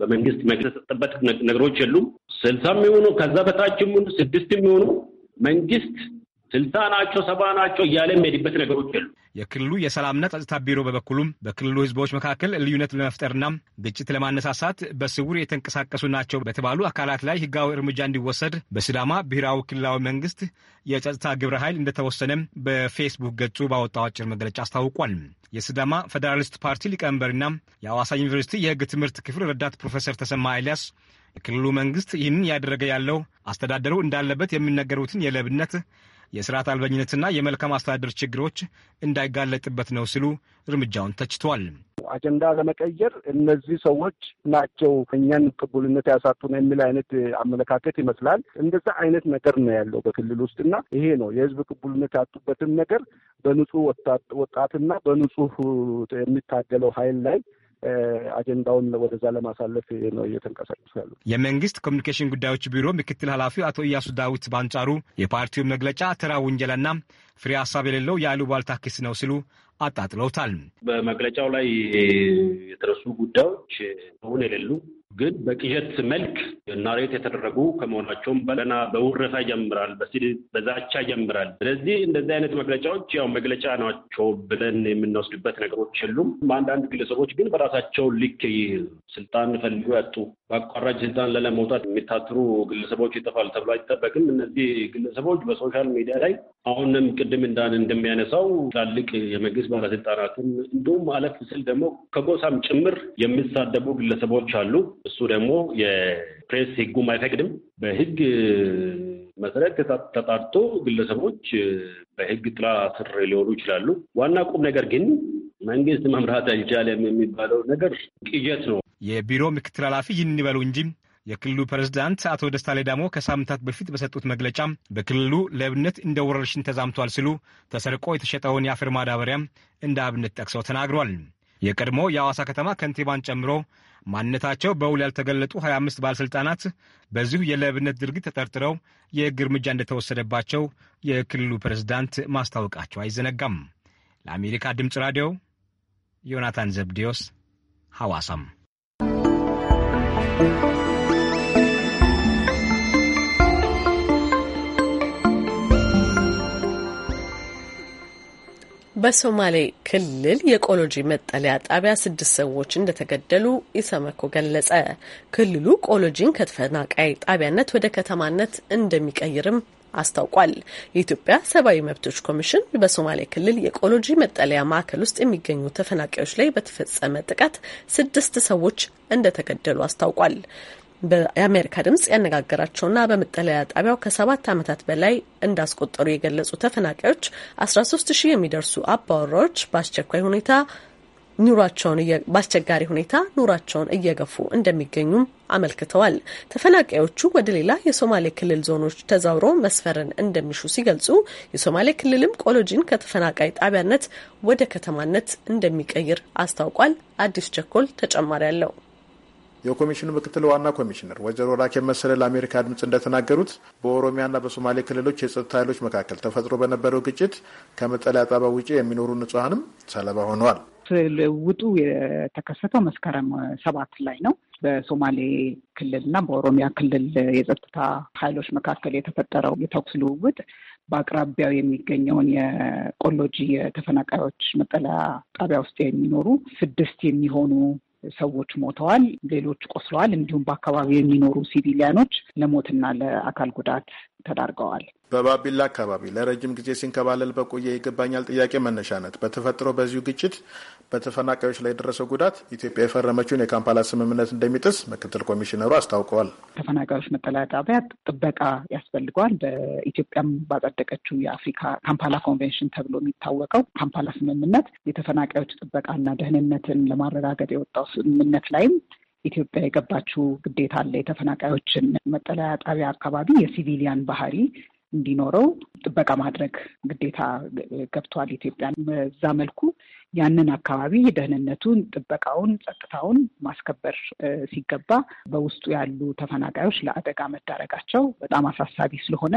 በመንግስት መግለጽ የተሰጠበት ነገሮች የሉም። ስልሳ የሚሆኑ ከዛ በታችም ስድስት የሚሆኑ መንግስት ስልሳ ናቸው፣ ሰባ ናቸው እያለ የሚሄድበት ነገሮች የሉ። የክልሉ የሰላምና ጸጥታ ቢሮ በበኩሉም በክልሉ ህዝቦች መካከል ልዩነት ለመፍጠርና ግጭት ለማነሳሳት በስውር የተንቀሳቀሱ ናቸው በተባሉ አካላት ላይ ህጋዊ እርምጃ እንዲወሰድ በሲዳማ ብሔራዊ ክልላዊ መንግስት የጸጥታ ግብረ ኃይል እንደተወሰነ በፌስቡክ ገጹ ባወጣው አጭር መግለጫ አስታውቋል። የስዳማ ፌዴራሊስት ፓርቲ ሊቀመንበርና የአዋሳ ዩኒቨርሲቲ የህግ ትምህርት ክፍል ረዳት ፕሮፌሰር ተሰማ ኤልያስ የክልሉ መንግስት ይህንን ያደረገ ያለው አስተዳደሩ እንዳለበት የሚነገሩትን የለብነት የስርዓት አልበኝነትና የመልካም አስተዳደር ችግሮች እንዳይጋለጥበት ነው ሲሉ እርምጃውን ተችቷል። አጀንዳ ለመቀየር እነዚህ ሰዎች ናቸው እኛን ቅቡልነት ያሳጡን የሚል አይነት አመለካከት ይመስላል። እንደዛ አይነት ነገር ነው ያለው በክልል ውስጥ እና ይሄ ነው የህዝብ ቅቡልነት ያጡበትን ነገር በንጹህ ወጣትና በንጹህ የሚታገለው ኃይል ላይ አጀንዳውን ወደዛ ለማሳለፍ ነው እየተንቀሳቀሱ ያሉ። የመንግስት ኮሚኒኬሽን ጉዳዮች ቢሮ ምክትል ኃላፊው አቶ እያሱ ዳዊት በአንጻሩ የፓርቲው መግለጫ ተራ ውንጀላና ፍሬ ሀሳብ የሌለው የአሉባልታ ክስ ነው ሲሉ አጣጥለውታል። በመግለጫው ላይ የተረሱ ጉዳዮች አሁን የሌሉ ግን በቅዠት መልክ ናሬት የተደረጉ ከመሆናቸውም በለና በውረፋ ይጀምራል፣ በዛቻ ይጀምራል። ስለዚህ እንደዚህ አይነት መግለጫዎች ያው መግለጫ ናቸው ብለን የምንወስድበት ነገሮች የሉም። አንዳንድ ግለሰቦች ግን በራሳቸው ልክ ስልጣን ፈልጉ ያጡ በአቋራጭ ስልጣን ለለመውጣት የሚታትሩ ግለሰቦች ይጠፋል ተብሎ አይጠበቅም። እነዚህ ግለሰቦች በሶሻል ሚዲያ ላይ አሁንም ቅድም እንዳን እንደሚያነሳው ትላልቅ የመንግስት ባለስልጣናትን እንዲሁም አለፍ ስል ደግሞ ከጎሳም ጭምር የሚሳደቡ ግለሰቦች አሉ። እሱ ደግሞ የፕሬስ ህጉም አይፈቅድም። በህግ መሰረት ተጣርቶ ግለሰቦች በህግ ጥላ ስር ሊሆኑ ይችላሉ። ዋና ቁም ነገር ግን መንግስት መምራት አልቻለም የሚባለው ነገር ቅዠት ነው። የቢሮ ምክትል ኃላፊ ይህን ይበሉ እንጂ የክልሉ ፕሬዝዳንት አቶ ደስታ ሌዳሞ ከሳምንታት በፊት በሰጡት መግለጫ በክልሉ ለእብነት እንደ ወረርሽኝ ተዛምቷል ሲሉ ተሰርቆ የተሸጠውን የአፈር ማዳበሪያም እንደ አብነት ጠቅሰው ተናግሯል። የቀድሞ የአዋሳ ከተማ ከንቲባን ጨምሮ ማንነታቸው በውል ያልተገለጡ 25 ባለሥልጣናት በዚሁ የለብነት ድርጊት ተጠርጥረው የሕግ እርምጃ እንደተወሰደባቸው የክልሉ ፕሬዝዳንት ማስታወቃቸው አይዘነጋም። ለአሜሪካ ድምፅ ራዲዮ ዮናታን ዘብዴዎስ ሐዋሳም በሶማሌ ክልል የቆሎጂ መጠለያ ጣቢያ ስድስት ሰዎች እንደተገደሉ ኢሰመኮ ገለጸ። ክልሉ ቆሎጂን ከተፈናቃይ ጣቢያነት ወደ ከተማነት እንደሚቀይርም አስታውቋል። የኢትዮጵያ ሰብአዊ መብቶች ኮሚሽን በሶማሌ ክልል የኢኮሎጂ መጠለያ ማዕከል ውስጥ የሚገኙ ተፈናቃዮች ላይ በተፈጸመ ጥቃት ስድስት ሰዎች እንደተገደሉ አስታውቋል። የአሜሪካ ድምጽ ያነጋገራቸውና በመጠለያ ጣቢያው ከሰባት ዓመታት በላይ እንዳስቆጠሩ የገለጹ ተፈናቃዮች አስራ ሶስት ሺህ የሚደርሱ አባወራዎች በአስቸኳይ ሁኔታ ኑሯቸውን በአስቸጋሪ ሁኔታ ኑሯቸውን እየገፉ እንደሚገኙም አመልክተዋል። ተፈናቃዮቹ ወደ ሌላ የሶማሌ ክልል ዞኖች ተዛውሮ መስፈርን እንደሚሹ ሲገልጹ የሶማሌ ክልልም ቆሎጂን ከተፈናቃይ ጣቢያነት ወደ ከተማነት እንደሚቀይር አስታውቋል። አዲስ ቸኮል ተጨማሪ አለው። የኮሚሽኑ ምክትል ዋና ኮሚሽነር ወይዘሮ ራኬ መሰለ ለአሜሪካ ድምፅ እንደተናገሩት በኦሮሚያና በሶማሌ ክልሎች የጸጥታ ኃይሎች መካከል ተፈጥሮ በነበረው ግጭት ከመጠለያ ጣቢያ ውጪ የሚኖሩ ንጹሐንም ሰለባ ሆነዋል። ልውጡ የተከሰተው መስከረም ሰባት ላይ ነው። በሶማሌ ክልል እና በኦሮሚያ ክልል የጸጥታ ኃይሎች መካከል የተፈጠረው የተኩስ ልውውጥ በአቅራቢያው የሚገኘውን የቆሎጂ የተፈናቃዮች መጠለያ ጣቢያ ውስጥ የሚኖሩ ስድስት የሚሆኑ ሰዎች ሞተዋል፣ ሌሎች ቆስለዋል። እንዲሁም በአካባቢው የሚኖሩ ሲቪሊያኖች ለሞትና ለአካል ጉዳት ተዳርገዋል። በባቢላ አካባቢ ለረጅም ጊዜ ሲንከባለል በቆየ ይገባኛል ጥያቄ መነሻነት በተፈጥሮ በዚሁ ግጭት በተፈናቃዮች ላይ የደረሰው ጉዳት ኢትዮጵያ የፈረመችውን የካምፓላ ስምምነት እንደሚጥስ ምክትል ኮሚሽነሩ አስታውቀዋል። ተፈናቃዮች መጠለያ ጣቢያ ጥበቃ ያስፈልገዋል። በኢትዮጵያም ባጸደቀችው የአፍሪካ ካምፓላ ኮንቬንሽን ተብሎ የሚታወቀው ካምፓላ ስምምነት የተፈናቃዮች ጥበቃና ደህንነትን ለማረጋገጥ የወጣው ስምምነት ላይም ኢትዮጵያ የገባችው ግዴታ አለ። የተፈናቃዮችን መጠለያ ጣቢያ አካባቢ የሲቪሊያን ባህሪ እንዲኖረው ጥበቃ ማድረግ ግዴታ ገብቷል ኢትዮጵያ። በዛ መልኩ ያንን አካባቢ ደህንነቱን፣ ጥበቃውን፣ ጸጥታውን ማስከበር ሲገባ በውስጡ ያሉ ተፈናቃዮች ለአደጋ መዳረጋቸው በጣም አሳሳቢ ስለሆነ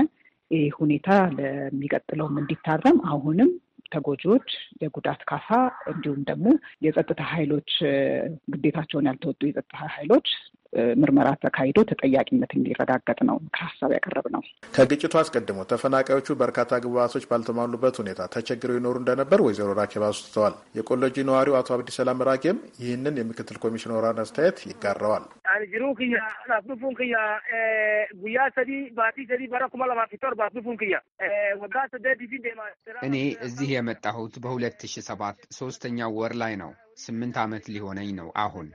ይህ ሁኔታ ለሚቀጥለውም እንዲታረም አሁንም ተጎጂዎች የጉዳት ካሳ እንዲሁም ደግሞ የጸጥታ ኃይሎች ግዴታቸውን ያልተወጡ የጸጥታ ኃይሎች ምርመራ ተካሂዶ ተጠያቂነት እንዲረጋገጥ ነው ከሀሳብ ያቀረብ ነው። ከግጭቱ አስቀድሞ ተፈናቃዮቹ በርካታ ግብዓቶች ባልተሟሉበት ሁኔታ ተቸግረው ይኖሩ እንደነበር ወይዘሮ ራኬብ አውስተዋል። የቆሎጂ ነዋሪው አቶ አብዲ ሰላም ራኬም ይህንን የምክትል ኮሚሽነሯን አስተያየት ይጋራዋል። እኔ እዚህ የመጣሁት በሁለት ሺ ሰባት ሶስተኛው ወር ላይ ነው። ስምንት ዓመት ሊሆነኝ ነው አሁን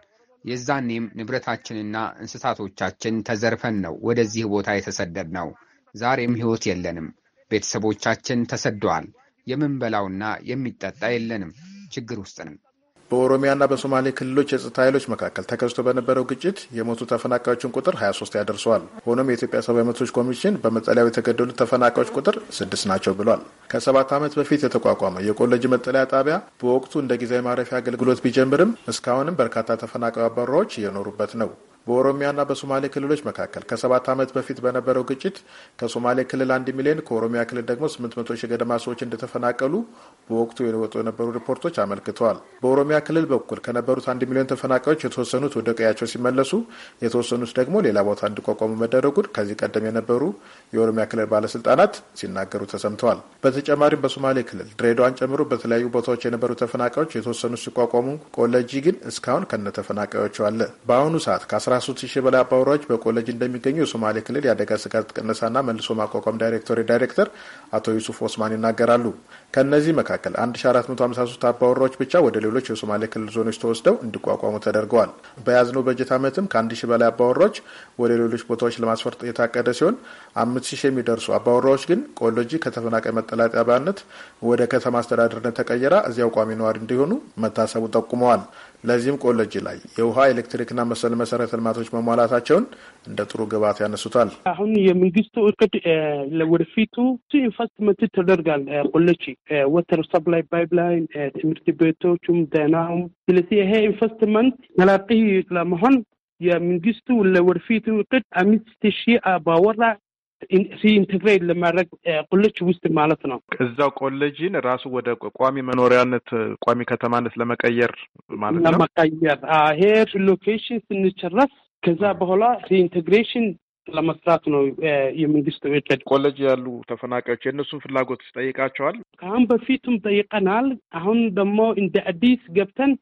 የዛኔም ንብረታችንና እንስሳቶቻችን ተዘርፈን ነው ወደዚህ ቦታ የተሰደድ ነው። ዛሬም ሕይወት የለንም። ቤተሰቦቻችን ተሰደዋል። የምንበላውና የሚጠጣ የለንም። ችግር ውስጥ ነን። በኦሮሚያና በሶማሌ ክልሎች የጸጥታ ኃይሎች መካከል ተከስቶ በነበረው ግጭት የሞቱ ተፈናቃዮችን ቁጥር 23 ያደርሰዋል። ሆኖም የኢትዮጵያ ሰብአዊ መብቶች ኮሚሽን በመጠለያው የተገደሉ ተፈናቃዮች ቁጥር ስድስት ናቸው ብሏል። ከሰባት ዓመት በፊት የተቋቋመው የቆለጅ መጠለያ ጣቢያ በወቅቱ እንደ ጊዜያዊ ማረፊያ አገልግሎት ቢጀምርም እስካሁንም በርካታ ተፈናቃይ አባራዎች እየኖሩበት ነው። በኦሮሚያና በሶማሌ ክልሎች መካከል ከሰባት ዓመት በፊት በነበረው ግጭት ከሶማሌ ክልል አንድ ሚሊዮን ከኦሮሚያ ክልል ደግሞ ስምንት መቶ ሺህ ገደማ ሰዎች እንደተፈናቀሉ በወቅቱ የወጡ የነበሩ ሪፖርቶች አመልክተዋል። በኦሮሚያ ክልል በኩል ከነበሩት አንድ ሚሊዮን ተፈናቃዮች የተወሰኑት ወደ ቀያቸው ሲመለሱ፣ የተወሰኑት ደግሞ ሌላ ቦታ እንዲቋቋሙ መደረጉን ከዚህ ቀደም የነበሩ የኦሮሚያ ክልል ባለስልጣናት ሲናገሩ ተሰምተዋል። በተጨማሪም በሶማሌ ክልል ድሬዳዋን ጨምሮ በተለያዩ ቦታዎች የነበሩ ተፈናቃዮች የተወሰኑት ሲቋቋሙ፣ ቆለጂ ግን እስካሁን ከነ አለ። በአሁኑ ሰዓት ከ ከ ሺህ በላይ አባወራዎች በኮሌጅ እንደሚገኙ የሶማሌ ክልል የአደጋ ስጋት ቅነሳና መልሶ ማቋቋም ዳይሬክቶሪ ዳይሬክተር አቶ ዩሱፍ ኦስማን ይናገራሉ። ከእነዚህ መካከል 1453 አባወራዎች ብቻ ወደ ሌሎች የሶማሌ ክልል ዞኖች ተወስደው እንዲቋቋሙ ተደርገዋል። በያዝነው በጀት ዓመትም ከ1 ሺህ በላይ አባወራዎች ወደ ሌሎች ቦታዎች ለማስፈር የታቀደ ሲሆን 5000 የሚደርሱ አባወራዎች ግን ቆሎጂ ከተፈናቃይ መጠለያ ጣቢያነት ወደ ከተማ አስተዳደርነት ተቀየራ እዚያው ቋሚ ነዋሪ እንዲሆኑ መታሰቡ ጠቁመዋል። ለዚህም ቆለጅ ላይ የውሃ ኤሌክትሪክና መሰል መሰረተ ልማቶች መሟላታቸውን እንደ ጥሩ ግብዓት ያነሱታል። አሁን የመንግስቱ እቅድ ለወደፊቱ ኢንቨስትመንት ተደርጋል። ኮሌጅ፣ ወተር ሰፕላይ ፓይፕላይን፣ ትምህርት ቤቶቹም፣ ጤናውም። ስለዚህ ይሄ ኢንቨስትመንት መላቂ ለመሆን የመንግስቱ ለወደፊቱ እቅድ አምስት ሺህ አባወራ ሲኢንትግሬት ለማድረግ ቆለጅ ውስጥ ማለት ነው። እዛው ኮሌጅን ራሱ ወደ ቋሚ መኖሪያነት ቋሚ ከተማነት ለመቀየር ማለት ነው። ለመቀየር ይሄ ሪሎኬሽን ስንጨረስ ከዛ በኋላ ሪኢንቴግሬሽን ለመስራት ነው የመንግስት እቅድ። ኮሌጅ ያሉ ተፈናቃዮች የእነሱን ፍላጎት ጠይቃቸዋል። ከአሁን በፊቱም ጠይቀናል። አሁን ደግሞ እንደ አዲስ ገብተን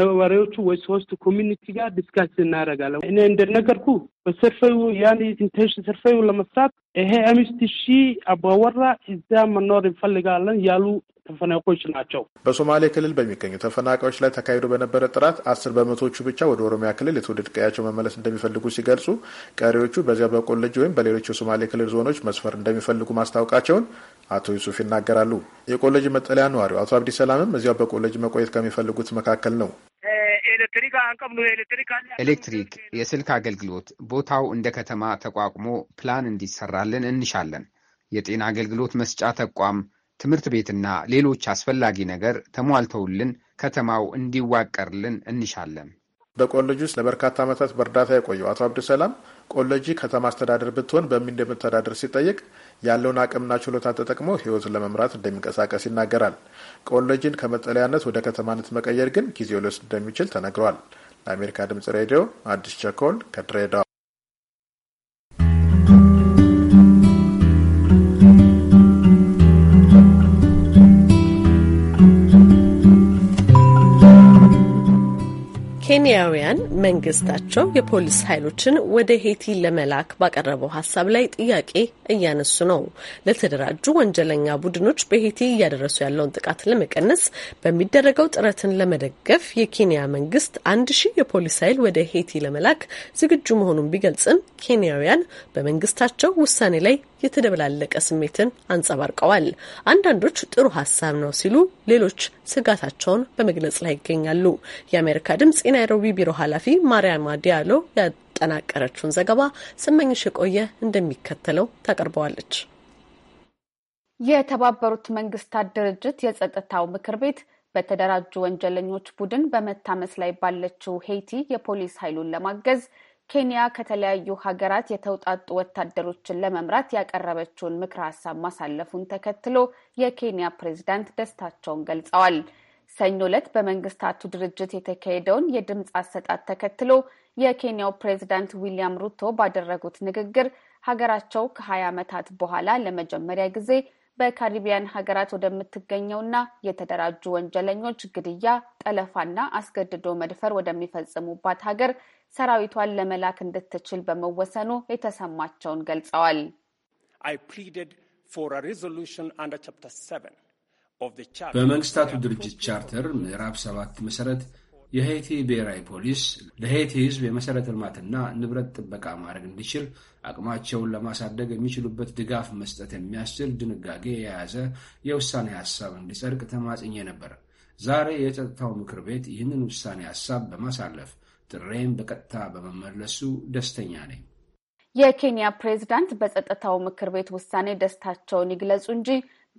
ነዋሪዎቹ ወይ ሶስት ኮሚኒቲ ጋር ዲስካስ እናደርጋለን። እኔ እንደነገርኩ በሰልፈዩ ያኔ ኢንቴንሽን ሰርፈዩ ለመስራት ይሄ አምስት ሺ አባወራ እዛ መኖር እንፈልጋለን ያሉ ተፈናቃዮች ናቸው። በሶማሌ ክልል በሚገኙ ተፈናቃዮች ላይ ተካሂዶ በነበረ ጥራት አስር በመቶዎቹ ብቻ ወደ ኦሮሚያ ክልል የትውልድ ቀያቸው መመለስ እንደሚፈልጉ ሲገልጹ ቀሪዎቹ በዚያ በቆለጅ ወይም በሌሎች የሶማሌ ክልል ዞኖች መስፈር እንደሚፈልጉ ማስታወቃቸውን አቶ ዩሱፍ ይናገራሉ። የቆለጅ መጠለያ ነዋሪው አቶ አብዲ ሰላምም እዚያው በቆለጅ መቆየት ከሚፈልጉት መካከል ነው። ኤሌክትሪክ፣ የስልክ አገልግሎት ቦታው እንደ ከተማ ተቋቁሞ ፕላን እንዲሰራልን እንሻለን። የጤና አገልግሎት መስጫ ተቋም፣ ትምህርት ቤትና ሌሎች አስፈላጊ ነገር ተሟልተውልን ከተማው እንዲዋቀርልን እንሻለን። በቆሎጂ ውስጥ ለበርካታ ዓመታት በእርዳታ የቆየው አቶ አብዱሰላም ቆሎጂ ከተማ አስተዳደር ብትሆን በምን እንደምተዳደር ሲጠይቅ ያለውን አቅምና ችሎታ ተጠቅሞ ህይወቱን ለመምራት እንደሚንቀሳቀስ ይናገራል። ኮሌጅን ከመጠለያነት ወደ ከተማነት መቀየር ግን ጊዜው ሊወስድ እንደሚችል ተነግሯል። ለአሜሪካ ድምጽ ሬዲዮ አዲስ ቸኮል ከድሬዳዋ ኬንያውያን መንግስታቸው የፖሊስ ኃይሎችን ወደ ሄቲ ለመላክ ባቀረበው ሀሳብ ላይ ጥያቄ እያነሱ ነው። ለተደራጁ ወንጀለኛ ቡድኖች በሄቲ እያደረሱ ያለውን ጥቃት ለመቀነስ በሚደረገው ጥረትን ለመደገፍ የኬንያ መንግስት አንድ ሺህ የፖሊስ ኃይል ወደ ሄቲ ለመላክ ዝግጁ መሆኑን ቢገልጽም ኬንያውያን በመንግስታቸው ውሳኔ ላይ የተደበላለቀ ስሜትን አንጸባርቀዋል። አንዳንዶች ጥሩ ሀሳብ ነው ሲሉ፣ ሌሎች ስጋታቸውን በመግለጽ ላይ ይገኛሉ። የአሜሪካ ድምጽ የናይሮቢ ቢሮ ኃላፊ ማርያማ ዲያሎ ያጠናቀረችውን ዘገባ ስመኝሽ የቆየ እንደሚከተለው ታቀርበዋለች። የተባበሩት መንግስታት ድርጅት የጸጥታው ምክር ቤት በተደራጁ ወንጀለኞች ቡድን በመታመስ ላይ ባለችው ሄይቲ የፖሊስ ኃይሉን ለማገዝ ኬንያ ከተለያዩ ሀገራት የተውጣጡ ወታደሮችን ለመምራት ያቀረበችውን ምክረ ሀሳብ ማሳለፉን ተከትሎ የኬንያ ፕሬዝዳንት ደስታቸውን ገልጸዋል። ሰኞ ዕለት በመንግስታቱ ድርጅት የተካሄደውን የድምፅ አሰጣት ተከትሎ የኬንያው ፕሬዝዳንት ዊሊያም ሩቶ ባደረጉት ንግግር ሀገራቸው ከ20 ዓመታት በኋላ ለመጀመሪያ ጊዜ በካሪቢያን ሀገራት ወደምትገኘውና የተደራጁ ወንጀለኞች ግድያ፣ ጠለፋና አስገድዶ መድፈር ወደሚፈጽሙባት ሀገር ሰራዊቷን ለመላክ እንድትችል በመወሰኑ የተሰማቸውን ገልጸዋል። በመንግስታቱ ድርጅት ቻርተር ምዕራፍ ሰባት መሰረት የሄይቲ ብሔራዊ ፖሊስ ለሄይቲ ህዝብ የመሠረተ ልማትና ንብረት ጥበቃ ማድረግ እንዲችል አቅማቸውን ለማሳደግ የሚችሉበት ድጋፍ መስጠት የሚያስችል ድንጋጌ የያዘ የውሳኔ ሀሳብ እንዲጸድቅ ተማጽኜ ነበር። ዛሬ የጸጥታው ምክር ቤት ይህንን ውሳኔ ሀሳብ በማሳለፍ ጥሬም በቀጥታ በመመለሱ ደስተኛ ነኝ። የኬንያ ፕሬዝዳንት በጸጥታው ምክር ቤት ውሳኔ ደስታቸውን ይግለጹ እንጂ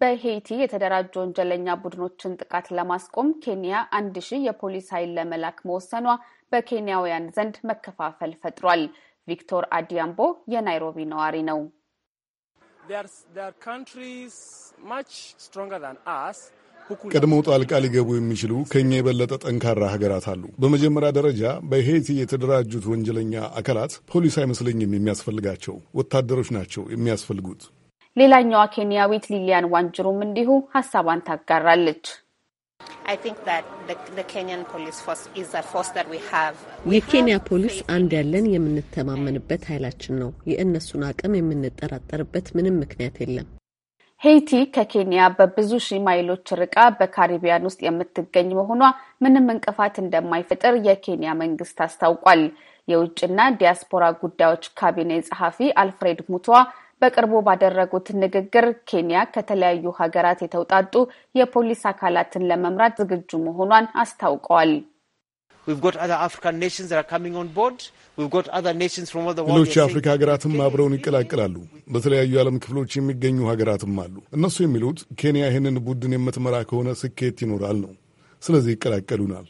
በሄይቲ የተደራጁ ወንጀለኛ ቡድኖችን ጥቃት ለማስቆም ኬንያ አንድ ሺህ የፖሊስ ኃይል ለመላክ መወሰኗ በኬንያውያን ዘንድ መከፋፈል ፈጥሯል። ቪክቶር አዲያምቦ የናይሮቢ ነዋሪ ነው። ቀድመው ጣልቃ ሊገቡ የሚችሉ ከኛ የበለጠ ጠንካራ ሀገራት አሉ። በመጀመሪያ ደረጃ በሄይቲ የተደራጁት ወንጀለኛ አካላት ፖሊስ አይመስለኝም የሚያስፈልጋቸው፣ ወታደሮች ናቸው የሚያስፈልጉት። ሌላኛዋ ኬንያዊት ሊሊያን ዋንጅሩም እንዲሁ ሀሳቧን ታጋራለች። የኬንያ ፖሊስ አንድ ያለን የምንተማመንበት ኃይላችን ነው። የእነሱን አቅም የምንጠራጠርበት ምንም ምክንያት የለም። ሄይቲ ከኬንያ በብዙ ሺህ ማይሎች ርቃ በካሪቢያን ውስጥ የምትገኝ መሆኗ ምንም እንቅፋት እንደማይፈጥር የኬንያ መንግስት አስታውቋል። የውጭና ዲያስፖራ ጉዳዮች ካቢኔ ጸሐፊ አልፍሬድ ሙቷ በቅርቡ ባደረጉት ንግግር ኬንያ ከተለያዩ ሀገራት የተውጣጡ የፖሊስ አካላትን ለመምራት ዝግጁ መሆኗን አስታውቀዋል። ሌሎች የአፍሪካ ሀገራትም አብረውን ይቀላቀላሉ። በተለያዩ የዓለም ክፍሎች የሚገኙ ሀገራትም አሉ። እነሱ የሚሉት ኬንያ ይህንን ቡድን የምትመራ ከሆነ ስኬት ይኖራል ነው። ስለዚህ ይቀላቀሉናል።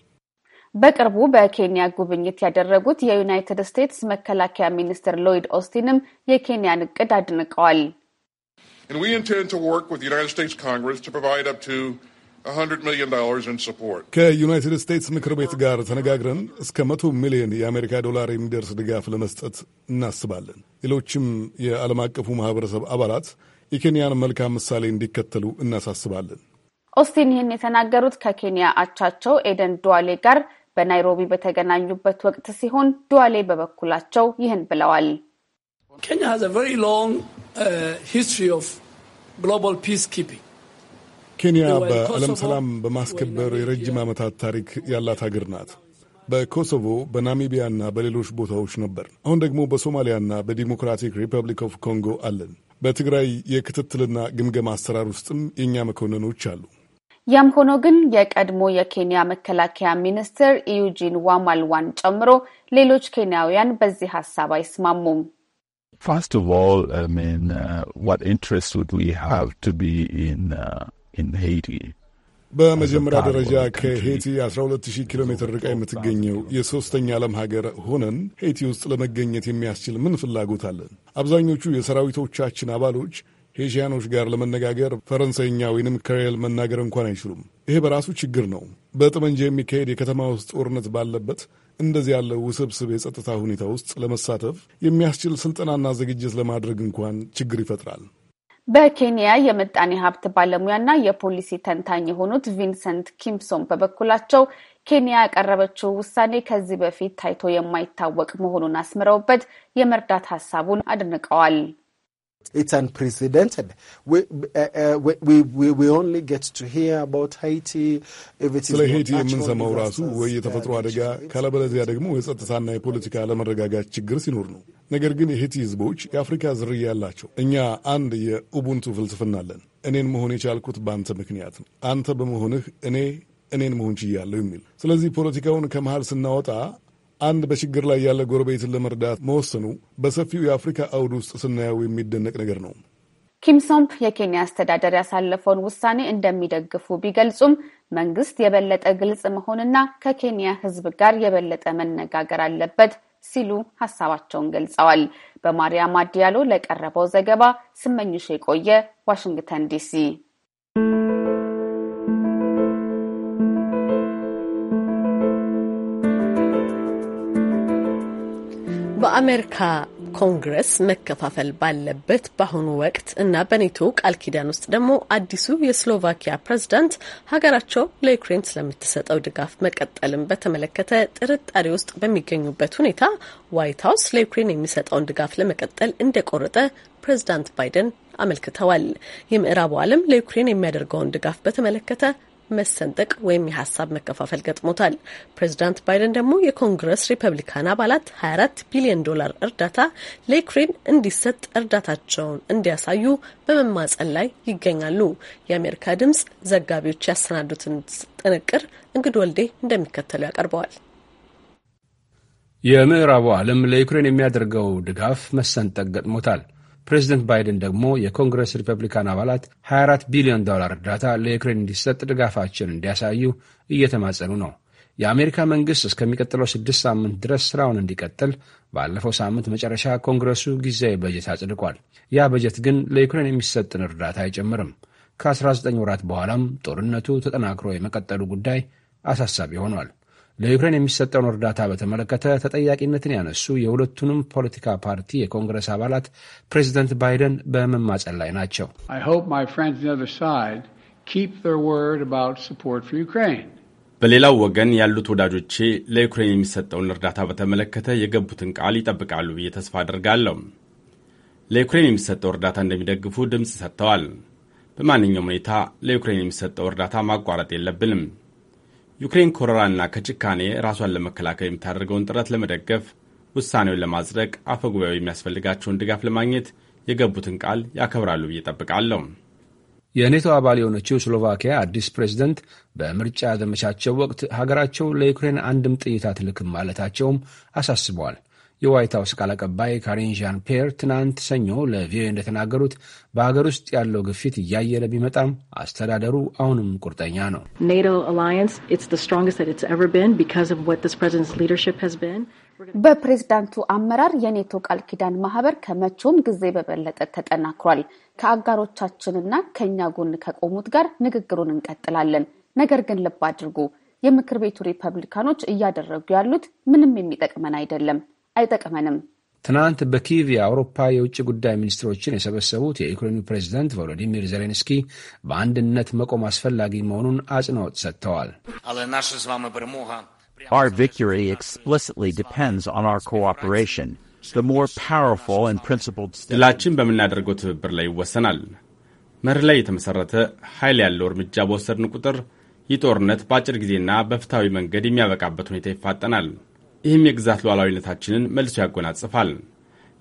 በቅርቡ በኬንያ ጉብኝት ያደረጉት የዩናይትድ ስቴትስ መከላከያ ሚኒስትር ሎይድ ኦስቲንም የኬንያን እቅድ አድንቀዋል። ከዩናይትድ ስቴትስ ምክር ቤት ጋር ተነጋግረን እስከ መቶ ሚሊዮን የአሜሪካ ዶላር የሚደርስ ድጋፍ ለመስጠት እናስባለን። ሌሎችም የዓለም አቀፉ ማህበረሰብ አባላት የኬንያን መልካም ምሳሌ እንዲከተሉ እናሳስባለን። ኦስቲን ይህን የተናገሩት ከኬንያ አቻቸው ኤደን ዱዋሌ ጋር በናይሮቢ በተገናኙበት ወቅት ሲሆን ዱዋሌ በበኩላቸው ይህን ብለዋል። uh, ኬንያ ሀዝ አ ቨሪ ሎንግ ሂስትሪ ኦፍ ግሎባል ፒስ ኪፒንግ ኬንያ በዓለም ሰላም በማስከበር የረጅም ዓመታት ታሪክ ያላት ሀገር ናት። በኮሶቮ በናሚቢያና በሌሎች ቦታዎች ነበር። አሁን ደግሞ በሶማሊያና በዲሞክራቲክ ሪፐብሊክ ኦፍ ኮንጎ አለን። በትግራይ የክትትልና ግምገማ አሰራር ውስጥም የእኛ መኮንኖች አሉ። ያም ሆኖ ግን የቀድሞ የኬንያ መከላከያ ሚኒስትር ኢዩጂን ዋማልዋን ጨምሮ ሌሎች ኬንያውያን በዚህ ሀሳብ አይስማሙም። በመጀመሪያ ደረጃ ከሄቲ 120 ኪሎ ሜትር ርቃ የምትገኘው የሶስተኛ ዓለም ሀገር ሆነን ሄቲ ውስጥ ለመገኘት የሚያስችል ምን ፍላጎት አለን? አብዛኞቹ የሰራዊቶቻችን አባሎች ሄዥያኖች ጋር ለመነጋገር ፈረንሳይኛ ወይንም ከሬል መናገር እንኳን አይችሉም። ይሄ በራሱ ችግር ነው። በጠመንጃ የሚካሄድ የከተማ ውስጥ ጦርነት ባለበት እንደዚህ ያለው ውስብስብ የጸጥታ ሁኔታ ውስጥ ለመሳተፍ የሚያስችል ስልጠናና ዝግጅት ለማድረግ እንኳን ችግር ይፈጥራል። በኬንያ የምጣኔ ሀብት ባለሙያና የፖሊሲ ተንታኝ የሆኑት ቪንሰንት ኪምሶን በበኩላቸው ኬንያ ያቀረበችው ውሳኔ ከዚህ በፊት ታይቶ የማይታወቅ መሆኑን አስምረውበት የመርዳት ሀሳቡን አድንቀዋል። it's unprecedented. We, uh, uh we, we, we only get to hear about Haiti if it is ስለ ሄይቲ የምንሰማው ራሱ ወይ የተፈጥሮ uh, አደጋ ካለበለዚያ ደግሞ የጸጥታና የፖለቲካ አለመረጋጋት ችግር ሲኖር ነው። ነገር ግን የሄይቲ ህዝቦች የአፍሪካ ዝርያ ያላቸው። እኛ አንድ የኡቡንቱ ፍልስፍና አለን። እኔን መሆን የቻልኩት በአንተ ምክንያት ነው፣ አንተ በመሆንህ እኔ እኔን መሆን ችያለሁ የሚል። ስለዚህ ፖለቲካውን ከመሃል ስናወጣ አንድ በችግር ላይ ያለ ጎረቤትን ለመርዳት መወሰኑ በሰፊው የአፍሪካ አውድ ውስጥ ስናየው የሚደነቅ ነገር ነው። ኪም ሶምፕ የኬንያ አስተዳደር ያሳለፈውን ውሳኔ እንደሚደግፉ ቢገልጹም መንግስት የበለጠ ግልጽ መሆንና ከኬንያ ሕዝብ ጋር የበለጠ መነጋገር አለበት ሲሉ ሀሳባቸውን ገልጸዋል። በማርያም አዲያሎ ለቀረበው ዘገባ ስመኝሽ የቆየ ዋሽንግተን ዲሲ የአሜሪካ ኮንግረስ መከፋፈል ባለበት በአሁኑ ወቅት እና በኔቶ ቃል ኪዳን ውስጥ ደግሞ አዲሱ የስሎቫኪያ ፕሬዝዳንት ሀገራቸው ለዩክሬን ስለምትሰጠው ድጋፍ መቀጠልን በተመለከተ ጥርጣሬ ውስጥ በሚገኙበት ሁኔታ ዋይት ሀውስ ለዩክሬን የሚሰጠውን ድጋፍ ለመቀጠል እንደቆረጠ ፕሬዝዳንት ባይደን አመልክተዋል። የምዕራቡ ዓለም ለዩክሬን የሚያደርገውን ድጋፍ በተመለከተ መሰንጠቅ ወይም የሀሳብ መከፋፈል ገጥሞታል። ፕሬዚዳንት ባይደን ደግሞ የኮንግረስ ሪፐብሊካን አባላት 24 ቢሊዮን ዶላር እርዳታ ለዩክሬን እንዲሰጥ እርዳታቸውን እንዲያሳዩ በመማጸን ላይ ይገኛሉ። የአሜሪካ ድምጽ ዘጋቢዎች ያሰናዱትን ጥንቅር እንግድ ወልዴ እንደሚከተሉ ያቀርበዋል። የምዕራቡ ዓለም ለዩክሬን የሚያደርገው ድጋፍ መሰንጠቅ ገጥሞታል። ፕሬዚደንት ባይደን ደግሞ የኮንግረስ ሪፐብሊካን አባላት 24 ቢሊዮን ዶላር እርዳታ ለዩክሬን እንዲሰጥ ድጋፋቸውን እንዲያሳዩ እየተማጸኑ ነው። የአሜሪካ መንግሥት እስከሚቀጥለው ስድስት ሳምንት ድረስ ሥራውን እንዲቀጥል ባለፈው ሳምንት መጨረሻ ኮንግረሱ ጊዜያዊ በጀት አጽድቋል። ያ በጀት ግን ለዩክሬን የሚሰጥን እርዳታ አይጨምርም። ከ19 ወራት በኋላም ጦርነቱ ተጠናክሮ የመቀጠሉ ጉዳይ አሳሳቢ ሆኗል። ለዩክሬን የሚሰጠውን እርዳታ በተመለከተ ተጠያቂነትን ያነሱ የሁለቱንም ፖለቲካ ፓርቲ የኮንግረስ አባላት ፕሬዚደንት ባይደን በመማጸን ላይ ናቸው። በሌላው ወገን ያሉት ወዳጆቼ ለዩክሬን የሚሰጠውን እርዳታ በተመለከተ የገቡትን ቃል ይጠብቃሉ ብዬ ተስፋ አድርጋለሁ። ለዩክሬን የሚሰጠው እርዳታ እንደሚደግፉ ድምፅ ሰጥተዋል። በማንኛውም ሁኔታ ለዩክሬን የሚሰጠው እርዳታ ማቋረጥ የለብንም። ዩክሬን ኮረራና ከጭካኔ ራሷን ለመከላከል የምታደርገውን ጥረት ለመደገፍ ውሳኔውን ለማጽደቅ አፈ ጉባኤው የሚያስፈልጋቸውን ድጋፍ ለማግኘት የገቡትን ቃል ያከብራሉ ብዬ ጠብቃለሁ። የኔቶ አባል የሆነችው ስሎቫኪያ አዲስ ፕሬዝደንት በምርጫ ዘመቻቸው ወቅት ሀገራቸው ለዩክሬን አንድም ጥይት አትልክም ማለታቸውም አሳስበዋል። የዋይት ሀውስ ቃል አቀባይ ካሪን ዣን ፒየር ትናንት ሰኞ ለቪኦኤ እንደተናገሩት በሀገር ውስጥ ያለው ግፊት እያየለ ቢመጣም አስተዳደሩ አሁንም ቁርጠኛ ነው። በፕሬዝዳንቱ አመራር የኔቶ ቃል ኪዳን ማህበር ከመቼውም ጊዜ በበለጠ ተጠናክሯል። ከአጋሮቻችንና ከእኛ ጎን ከቆሙት ጋር ንግግሩን እንቀጥላለን። ነገር ግን ልብ አድርጉ፣ የምክር ቤቱ ሪፐብሊካኖች እያደረጉ ያሉት ምንም የሚጠቅመን አይደለም አይጠቅመንም። ትናንት በኪቭ የአውሮፓ የውጭ ጉዳይ ሚኒስትሮችን የሰበሰቡት የዩክሬኑ ፕሬዚደንት ቮሎዲሚር ዜሌንስኪ በአንድነት መቆም አስፈላጊ መሆኑን አጽንኦት ሰጥተዋል። Our victory explicitly depends on our cooperation. The more powerful and principled state. ድላችን በምናደርገው ትብብር ላይ ይወሰናል። መርህ ላይ የተመሠረተ ኃይል ያለው እርምጃ በወሰድን ቁጥር ይህ ጦርነት በአጭር ጊዜና በፍትሐዊ መንገድ የሚያበቃበት ሁኔታ ይፋጠናል። ይህም የግዛት ሉዓላዊነታችንን መልሶ ያጎናጽፋል፣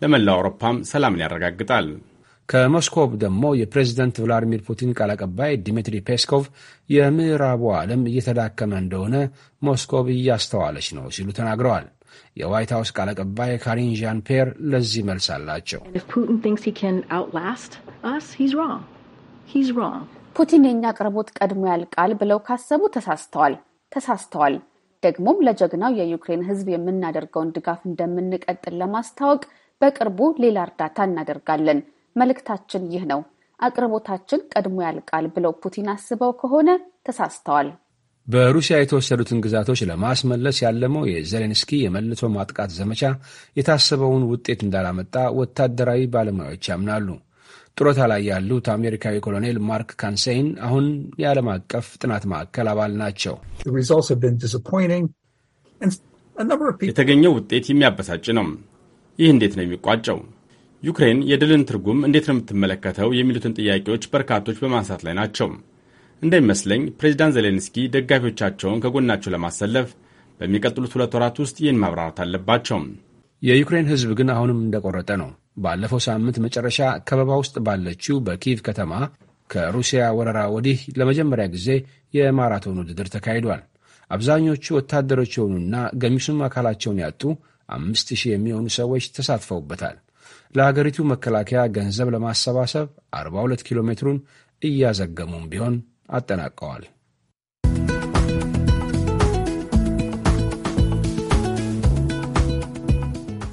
ለመላው አውሮፓም ሰላምን ያረጋግጣል። ከሞስኮቭ ደግሞ የፕሬዚደንት ቭላዲሚር ፑቲን ቃል አቀባይ ዲሚትሪ ፔስኮቭ የምዕራቡ ዓለም እየተዳከመ እንደሆነ ሞስኮቭ እያስተዋለች ነው ሲሉ ተናግረዋል። የዋይት ሀውስ ቃል አቀባይ ካሪን ዣን ፔር ለዚህ መልስ አላቸው። ፑቲን የእኛ አቅርቦት ቀድሞ ያልቃል ብለው ካሰቡ ተሳስተዋል ተሳስተዋል። ደግሞም ለጀግናው የዩክሬን ህዝብ የምናደርገውን ድጋፍ እንደምንቀጥል ለማስታወቅ በቅርቡ ሌላ እርዳታ እናደርጋለን። መልእክታችን ይህ ነው። አቅርቦታችን ቀድሞ ያልቃል ብለው ፑቲን አስበው ከሆነ ተሳስተዋል። በሩሲያ የተወሰዱትን ግዛቶች ለማስመለስ ያለመው የዜሌንስኪ የመልሶ ማጥቃት ዘመቻ የታሰበውን ውጤት እንዳላመጣ ወታደራዊ ባለሙያዎች ያምናሉ። ጡረታ ላይ ያሉት አሜሪካዊ ኮሎኔል ማርክ ካንሴይን አሁን የዓለም አቀፍ ጥናት ማዕከል አባል ናቸው። የተገኘው ውጤት የሚያበሳጭ ነው። ይህ እንዴት ነው የሚቋጨው? ዩክሬን የድልን ትርጉም እንዴት ነው የምትመለከተው? የሚሉትን ጥያቄዎች በርካቶች በማንሳት ላይ ናቸው። እንደሚመስለኝ ፕሬዚዳንት ዜሌንስኪ ደጋፊዎቻቸውን ከጎናቸው ለማሰለፍ በሚቀጥሉት ሁለት ወራት ውስጥ ይህን ማብራራት አለባቸው። የዩክሬን ሕዝብ ግን አሁንም እንደቆረጠ ነው። ባለፈው ሳምንት መጨረሻ ከበባ ውስጥ ባለችው በኪቭ ከተማ ከሩሲያ ወረራ ወዲህ ለመጀመሪያ ጊዜ የማራቶን ውድድር ተካሂዷል። አብዛኞቹ ወታደሮች የሆኑና ገሚሱም አካላቸውን ያጡ አምስት ሺህ የሚሆኑ ሰዎች ተሳትፈውበታል። ለአገሪቱ መከላከያ ገንዘብ ለማሰባሰብ 42 ኪሎ ሜትሩን እያዘገሙም ቢሆን አጠናቀዋል።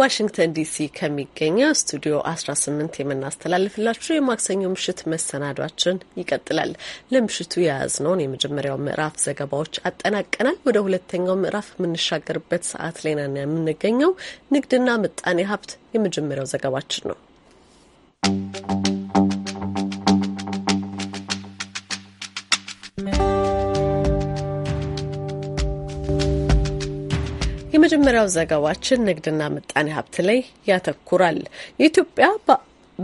ዋሽንግተን ዲሲ ከሚገኘው ስቱዲዮ 18 የምናስተላልፍላችሁ የማክሰኞ ምሽት መሰናዷችን ይቀጥላል። ለምሽቱ የያዝነውን የመጀመሪያው ምዕራፍ ዘገባዎች አጠናቀናል። ወደ ሁለተኛው ምዕራፍ የምንሻገርበት ሰዓት ላይ ነን የምንገኘው። ንግድና ምጣኔ ሀብት የመጀመሪያው ዘገባችን ነው። የመጀመሪያው ዘገባችን ንግድና ምጣኔ ሀብት ላይ ያተኩራል። የኢትዮጵያ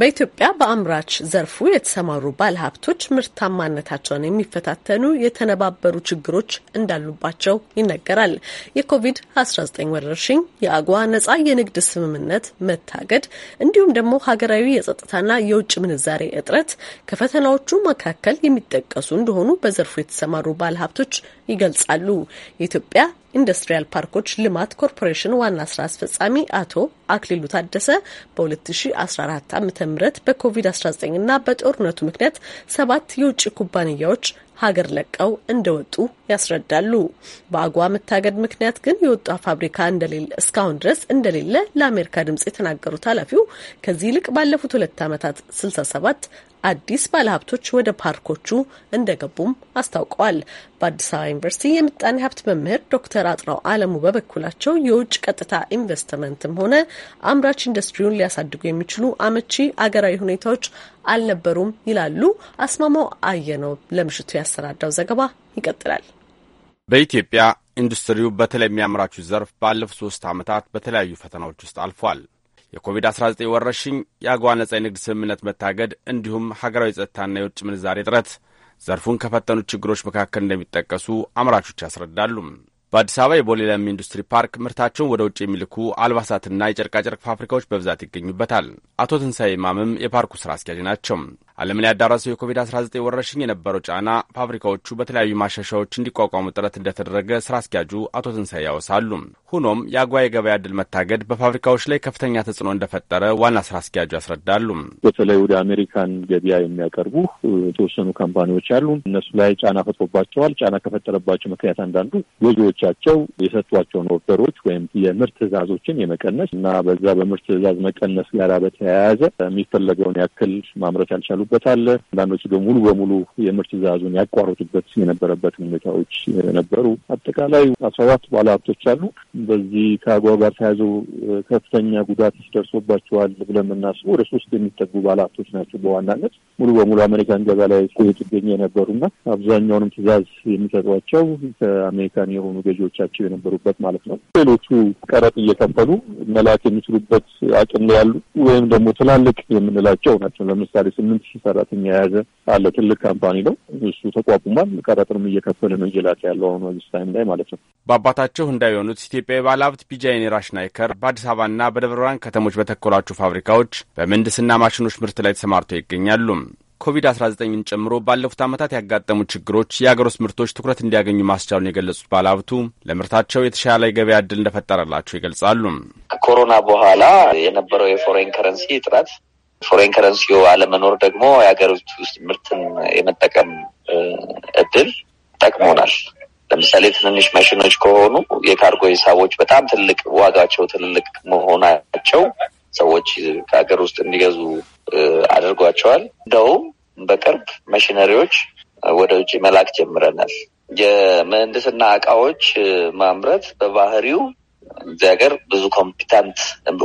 በኢትዮጵያ በአምራች ዘርፉ የተሰማሩ ባለሀብቶች ምርታማነታቸውን የሚፈታተኑ የተነባበሩ ችግሮች እንዳሉባቸው ይነገራል። የኮቪድ-19 ወረርሽኝ፣ የአጓ ነጻ የንግድ ስምምነት መታገድ፣ እንዲሁም ደግሞ ሀገራዊ የጸጥታና የውጭ ምንዛሬ እጥረት ከፈተናዎቹ መካከል የሚጠቀሱ እንደሆኑ በዘርፉ የተሰማሩ ባለሀብቶች ይገልጻሉ። የኢትዮጵያ ኢንዱስትሪያል ፓርኮች ልማት ኮርፖሬሽን ዋና ስራ አስፈጻሚ አቶ አክሊሉ ታደሰ በ2014 ዓ ም በኮቪድ-19 እና በጦርነቱ ምክንያት ሰባት የውጭ ኩባንያዎች ሀገር ለቀው እንደወጡ ያስረዳሉ። በአጓ መታገድ ምክንያት ግን የወጣ ፋብሪካ እንደሌለ እስካሁን ድረስ እንደሌለ ለአሜሪካ ድምጽ የተናገሩት ኃላፊው ከዚህ ይልቅ ባለፉት ሁለት ዓመታት 67 አዲስ ባለሀብቶች ወደ ፓርኮቹ እንደገቡም አስታውቀዋል። በአዲስ አበባ ዩኒቨርሲቲ የምጣኔ ሀብት መምህር ዶክተር አጥራው አለሙ በበኩላቸው የውጭ ቀጥታ ኢንቨስትመንትም ሆነ አምራች ኢንዱስትሪውን ሊያሳድጉ የሚችሉ አመቺ አገራዊ ሁኔታዎች አልነበሩም ይላሉ። አስማማው አየነው ለምሽቱ ያሰናዳው ዘገባ ይቀጥላል። በኢትዮጵያ ኢንዱስትሪው በተለይ የሚያምራቹ ዘርፍ ባለፉት ሶስት ዓመታት በተለያዩ ፈተናዎች ውስጥ አልፏል። የኮቪድ-19 ወረርሽኝ፣ የአጎዋ ነጻ የንግድ ስምምነት መታገድ እንዲሁም ሀገራዊ ጸጥታና የውጭ ምንዛሬ እጥረት ዘርፉን ከፈተኑ ችግሮች መካከል እንደሚጠቀሱ አምራቾች ያስረዳሉ። በአዲስ አበባ የቦሌ ለሚ ኢንዱስትሪ ፓርክ ምርታቸውን ወደ ውጭ የሚልኩ አልባሳትና የጨርቃጨርቅ ፋብሪካዎች በብዛት ይገኙበታል። አቶ ትንሣኤ ማምም የፓርኩ ስራ አስኪያጅ ናቸው። ዓለምን ያዳረሰው የኮቪድ-19 ወረርሽኝ የነበረው ጫና ፋብሪካዎቹ በተለያዩ ማሻሻዎች እንዲቋቋሙ ጥረት እንደተደረገ ስራ አስኪያጁ አቶ ትንሣኤ ያወሳሉ። ሆኖም የአጓ የገበያ ድል መታገድ በፋብሪካዎች ላይ ከፍተኛ ተጽዕኖ እንደፈጠረ ዋና ስራ አስኪያጁ ያስረዳሉ። በተለይ ወደ አሜሪካን ገበያ የሚያቀርቡ የተወሰኑ ካምፓኒዎች አሉ። እነሱ ላይ ጫና ፈጥሮባቸዋል። ጫና ከፈጠረባቸው ምክንያት አንዳንዱ ገዢዎቻቸው የሰጧቸውን ኦርደሮች ወይም የምርት ትዕዛዞችን የመቀነስ እና በዛ በምርት ትዕዛዝ መቀነስ ጋር በተያያዘ የሚፈለገውን ያክል ማምረት ያልቻሉ የሚቀበሉበት አለ። አንዳንዶቹ ደግሞ ሙሉ በሙሉ የምርት ትዕዛዙን ያቋረጡበት የነበረበት ሁኔታዎች ነበሩ። አጠቃላይ አስራ አራት ባለሀብቶች አሉ። በዚህ ከአጓ ጋር ተያይዞ ከፍተኛ ጉዳት ደርሶባቸዋል ብለን የምናስበው ወደ ሶስት የሚጠጉ ባለሀብቶች ናቸው። በዋናነት ሙሉ በሙሉ አሜሪካን ገበያ ላይ ትገኝ የነበሩና አብዛኛውንም ትዕዛዝ የሚሰጧቸው ከአሜሪካን የሆኑ ገዢዎቻቸው የነበሩበት ማለት ነው። ሌሎቹ ቀረጥ እየከፈሉ መላክ የሚችሉበት አቅም ያሉ ወይም ደግሞ ትላልቅ የምንላቸው ናቸው። ለምሳሌ ስምንት ሺህ ሰራተኛ የያዘ አለ። ትልቅ ካምፓኒ ነው። እሱ ተቋቁሟል። ቀረጥንም እየከፈለ ነው እየላከ ያለው አሁኑ ዚስ ታይም ላይ ማለት ነው። በአባታቸው ህንዳዊ የሆኑት የባለ ባለሀብት ቢጃይኔ ራሽናይከር በአዲስ አበባና በደብረ ብርሃን ከተሞች በተከሏቸው ፋብሪካዎች በምህንድስና ማሽኖች ምርት ላይ ተሰማርተው ይገኛሉ። ኮቪድ-19ን ጨምሮ ባለፉት ዓመታት ያጋጠሙ ችግሮች የአገር ውስጥ ምርቶች ትኩረት እንዲያገኙ ማስቻሉን የገለጹት ባለሀብቱ ለምርታቸው የተሻለ ገበያ እድል እንደፈጠረላቸው ይገልጻሉ። ከኮሮና በኋላ የነበረው የፎሬን ከረንሲ እጥረት ፎሬን ከረንሲው አለመኖር ደግሞ የሀገሮች ውስጥ ምርትን የመጠቀም እድል ጠቅሞናል። ለምሳሌ ትንንሽ መሽኖች ከሆኑ የካርጎ ሂሳቦች በጣም ትልቅ ዋጋቸው ትልልቅ መሆናቸው ሰዎች ከሀገር ውስጥ እንዲገዙ አድርጓቸዋል። እንደውም በቅርብ መሽነሪዎች ወደ ውጭ መላክ ጀምረናል። የምህንድስና እቃዎች ማምረት በባህሪው እዚህ ሀገር ብዙ ኮምፒታንት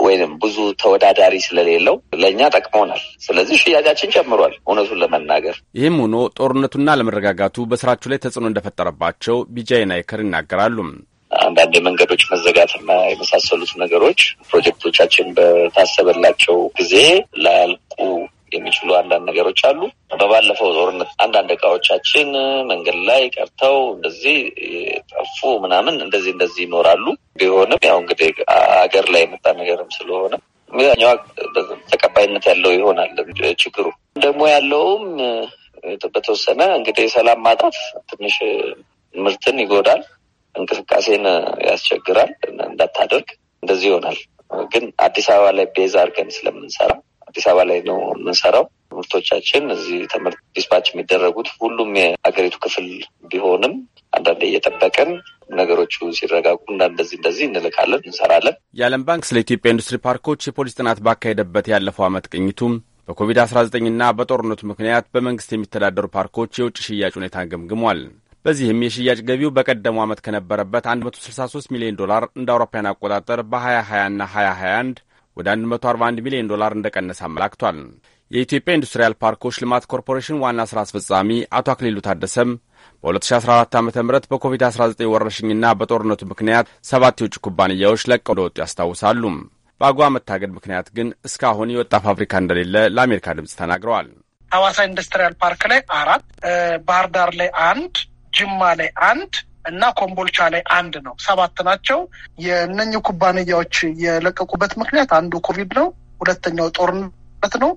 ወይም ብዙ ተወዳዳሪ ስለሌለው ለእኛ ጠቅሞናል። ስለዚህ ሽያጫችን ጨምሯል፣ እውነቱን ለመናገር ይህም ሆኖ ጦርነቱና ለመረጋጋቱ በስራችሁ ላይ ተጽዕኖ እንደፈጠረባቸው ቢጃይ ናይከር ይናገራሉ። አንዳንድ የመንገዶች መዘጋትና የመሳሰሉት ነገሮች ፕሮጀክቶቻችን በታሰበላቸው ጊዜ ላያልቁ የሚችሉ አንዳንድ ነገሮች አሉ። በባለፈው ጦርነት አንዳንድ እቃዎቻችን መንገድ ላይ ቀርተው እንደዚህ ጠፉ ምናምን እንደዚህ እንደዚህ ይኖራሉ። ቢሆንም ያው እንግዲህ አገር ላይ የመጣ ነገርም ስለሆነ ተቀባይነት ያለው ይሆናል። ችግሩ ደግሞ ያለውም በተወሰነ እንግዲህ የሰላም ማጣት ትንሽ ምርትን ይጎዳል፣ እንቅስቃሴን ያስቸግራል፣ እንዳታደርግ እንደዚህ ይሆናል። ግን አዲስ አበባ ላይ ቤዝ አድርገን ስለምንሰራ አዲስ አበባ ላይ ነው የምንሰራው። ምርቶቻችን እዚህ ትምህርት ዲስፓች የሚደረጉት ሁሉም የሀገሪቱ ክፍል ቢሆንም አንዳንዴ እየጠበቀን ነገሮቹ ሲረጋጉ እና እንደዚህ እንደዚህ እንልካለን፣ እንሰራለን። የዓለም ባንክ ስለ ኢትዮጵያ ኢንዱስትሪ ፓርኮች የፖሊስ ጥናት ባካሄደበት ያለፈው ዓመት ቅኝቱም በኮቪድ-19ና በጦርነቱ ምክንያት በመንግስት የሚተዳደሩ ፓርኮች የውጭ ሽያጭ ሁኔታ ገምግሟል። በዚህም የሽያጭ ገቢው በቀደሙ ዓመት ከነበረበት 163 ሚሊዮን ዶላር እንደ አውሮፓውያን አቆጣጠር በ2020 እና 2021 ወደ 141 ሚሊዮን ዶላር እንደቀነሰ አመላክቷል። የኢትዮጵያ ኢንዱስትሪያል ፓርኮች ልማት ኮርፖሬሽን ዋና ሥራ አስፈጻሚ አቶ አክሊሉ ታደሰም በ2014 ዓ ም በኮቪድ-19 ወረርሽኝና በጦርነቱ ምክንያት ሰባት የውጭ ኩባንያዎች ለቀው እንደወጡ ያስታውሳሉ። በአጓ መታገድ ምክንያት ግን እስካሁን የወጣ ፋብሪካ እንደሌለ ለአሜሪካ ድምፅ ተናግረዋል። ሐዋሳ ኢንዱስትሪያል ፓርክ ላይ አራት፣ ባህር ዳር ላይ አንድ፣ ጅማ ላይ አንድ እና ኮምቦልቻ ላይ አንድ ነው። ሰባት ናቸው። የእነኚህ ኩባንያዎች የለቀቁበት ምክንያት አንዱ ኮቪድ ነው። ሁለተኛው ጦርነት ነው።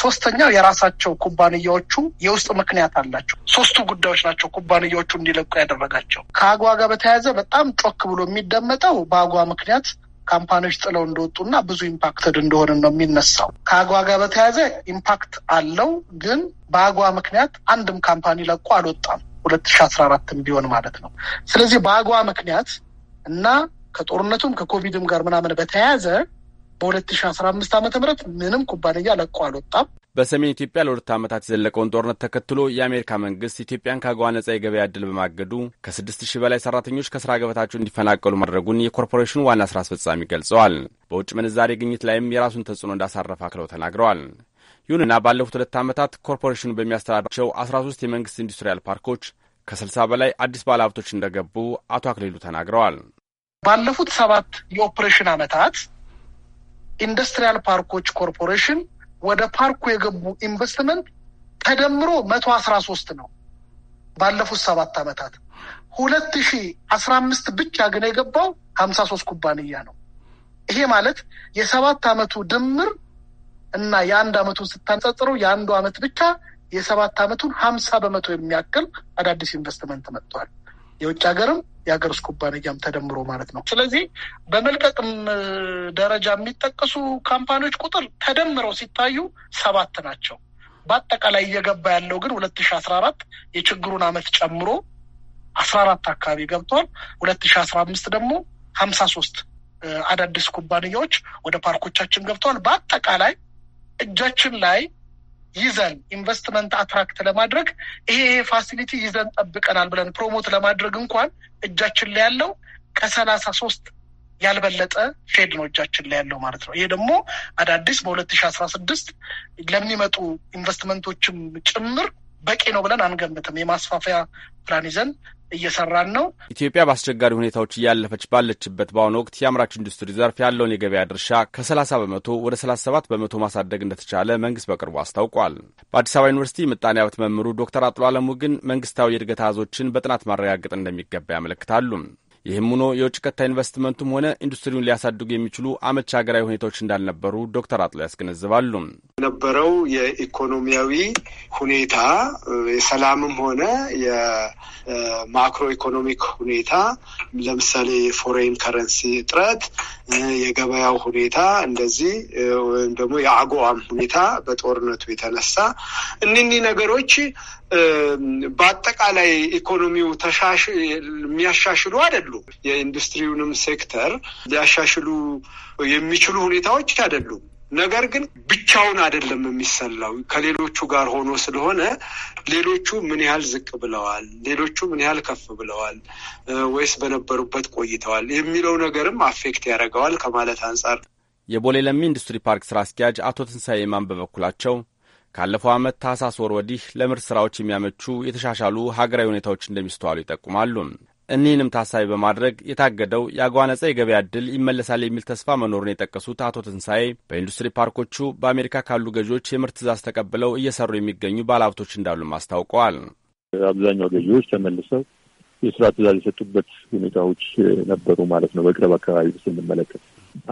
ሶስተኛው የራሳቸው ኩባንያዎቹ የውስጥ ምክንያት አላቸው። ሶስቱ ጉዳዮች ናቸው ኩባንያዎቹ እንዲለቁ ያደረጋቸው። ከአጓ ጋር በተያያዘ በጣም ጮክ ብሎ የሚደመጠው በአጓ ምክንያት ካምፓኒዎች ጥለው እንደወጡና ብዙ ኢምፓክትድ እንደሆነ ነው የሚነሳው። ከአጓ ጋር በተያያዘ ኢምፓክት አለው፣ ግን በአጓ ምክንያት አንድም ካምፓኒ ለቆ አልወጣም። ሁለት ሺ አስራ አራትም ቢሆን ማለት ነው። ስለዚህ በአጓ ምክንያት እና ከጦርነቱም ከኮቪድም ጋር ምናምን በተያያዘ በሁለት ሺ አስራ አምስት ዓመተ ምህረት ምንም ኩባንያ ለቆ አልወጣም። በሰሜን ኢትዮጵያ ለሁለት ዓመታት የዘለቀውን ጦርነት ተከትሎ የአሜሪካ መንግስት ኢትዮጵያን ከአጎዋ ነጻ የገበያ ዕድል በማገዱ ከስድስት ሺህ በላይ ሰራተኞች ከስራ ገበታቸው እንዲፈናቀሉ ማድረጉን የኮርፖሬሽኑ ዋና ስራ አስፈጻሚ ገልጸዋል። በውጭ ምንዛሬ ግኝት ላይም የራሱን ተጽዕኖ እንዳሳረፈ አክለው ተናግረዋል። ይሁንና ባለፉት ሁለት ዓመታት ኮርፖሬሽኑ በሚያስተዳድራቸው 13 የመንግሥት የመንግስት ኢንዱስትሪያል ፓርኮች ከስልሳ በላይ አዲስ ባለሀብቶች እንደገቡ አቶ አክሊሉ ተናግረዋል። ባለፉት ሰባት የኦፕሬሽን ዓመታት ኢንዱስትሪያል ፓርኮች ኮርፖሬሽን ወደ ፓርኩ የገቡ ኢንቨስትመንት ተደምሮ መቶ አስራ ሶስት ነው። ባለፉት ሰባት ዓመታት ሁለት ሺ አስራ አምስት ብቻ ግን የገባው ሀምሳ ሶስት ኩባንያ ነው። ይሄ ማለት የሰባት ዓመቱ ድምር እና የአንድ አመቱን ስታንጸጽሩ የአንዱ አመት ብቻ የሰባት አመቱን ሀምሳ በመቶ የሚያክል አዳዲስ ኢንቨስትመንት መጥቷል። የውጭ ሀገርም የሀገር ውስጥ ኩባንያም ተደምሮ ማለት ነው። ስለዚህ በመልቀቅም ደረጃ የሚጠቀሱ ካምፓኒዎች ቁጥር ተደምረው ሲታዩ ሰባት ናቸው። በአጠቃላይ እየገባ ያለው ግን ሁለት ሺ አስራ አራት የችግሩን አመት ጨምሮ አስራ አራት አካባቢ ገብቷል። ሁለት ሺ አስራ አምስት ደግሞ ሀምሳ ሶስት አዳዲስ ኩባንያዎች ወደ ፓርኮቻችን ገብተዋል። በአጠቃላይ እጃችን ላይ ይዘን ኢንቨስትመንት አትራክት ለማድረግ ይሄ ይሄ ፋሲሊቲ ይዘን ጠብቀናል ብለን ፕሮሞት ለማድረግ እንኳን እጃችን ላይ ያለው ከሰላሳ ሶስት ያልበለጠ ፌድ ነው እጃችን ላይ ያለው ማለት ነው። ይሄ ደግሞ አዳዲስ በሁለት ሺ አስራ ስድስት ለሚመጡ ኢንቨስትመንቶችም ጭምር በቂ ነው ብለን አንገምትም። የማስፋፊያ ፕላን ይዘን እየሰራን ነው። ኢትዮጵያ በአስቸጋሪ ሁኔታዎች እያለፈች ባለችበት በአሁኑ ወቅት የአምራች ኢንዱስትሪ ዘርፍ ያለውን የገበያ ድርሻ ከ30 በመቶ ወደ 37 በመቶ ማሳደግ እንደተቻለ መንግስት በቅርቡ አስታውቋል። በአዲስ አበባ ዩኒቨርሲቲ ምጣኔ ሀብት መምህሩ ዶክተር አጥሎ አለሙ ግን መንግስታዊ የእድገት አዞችን በጥናት ማረጋገጥ እንደሚገባ ያመለክታሉ። ይህም ሆኖ የውጭ ቀጥታ ኢንቨስትመንቱም ሆነ ኢንዱስትሪውን ሊያሳድጉ የሚችሉ አመቺ ሀገራዊ ሁኔታዎች እንዳልነበሩ ዶክተር አጥሎ ያስገነዝባሉ። የነበረው የኢኮኖሚያዊ ሁኔታ የሰላምም ሆነ የማክሮ ኢኮኖሚክ ሁኔታ ለምሳሌ የፎሬን ከረንሲ እጥረት፣ የገበያው ሁኔታ እንደዚህ ወይም ደግሞ የአጎዋም ሁኔታ በጦርነቱ የተነሳ እኒህ ነገሮች በአጠቃላይ ኢኮኖሚው ተሻሽ የሚያሻሽሉ አይደሉም። የኢንዱስትሪውንም ሴክተር ሊያሻሽሉ የሚችሉ ሁኔታዎች አይደሉም። ነገር ግን ብቻውን አይደለም የሚሰላው ከሌሎቹ ጋር ሆኖ ስለሆነ ሌሎቹ ምን ያህል ዝቅ ብለዋል፣ ሌሎቹ ምን ያህል ከፍ ብለዋል ወይስ በነበሩበት ቆይተዋል የሚለው ነገርም አፌክት ያደርገዋል ከማለት አንጻር የቦሌ ለሚ ኢንዱስትሪ ፓርክ ስራ አስኪያጅ አቶ ትንሣኤ የማን በበኩላቸው ካለፈው ዓመት ታህሳስ ወር ወዲህ ለምርት ስራዎች የሚያመቹ የተሻሻሉ ሀገራዊ ሁኔታዎች እንደሚስተዋሉ ይጠቁማሉ። እኒህንም ታሳቢ በማድረግ የታገደው የአጎዋ ነጻ የገበያ ዕድል ይመለሳል የሚል ተስፋ መኖሩን የጠቀሱት አቶ ትንሣኤ በኢንዱስትሪ ፓርኮቹ በአሜሪካ ካሉ ገዢዎች የምርት ትእዛዝ ተቀብለው እየሰሩ የሚገኙ ባለሀብቶች እንዳሉም አስታውቀዋል። አብዛኛው ገዢዎች ተመልሰው የስራ ትዛዝ የሰጡበት ሁኔታዎች ነበሩ ማለት ነው። በቅርብ አካባቢ ስንመለከት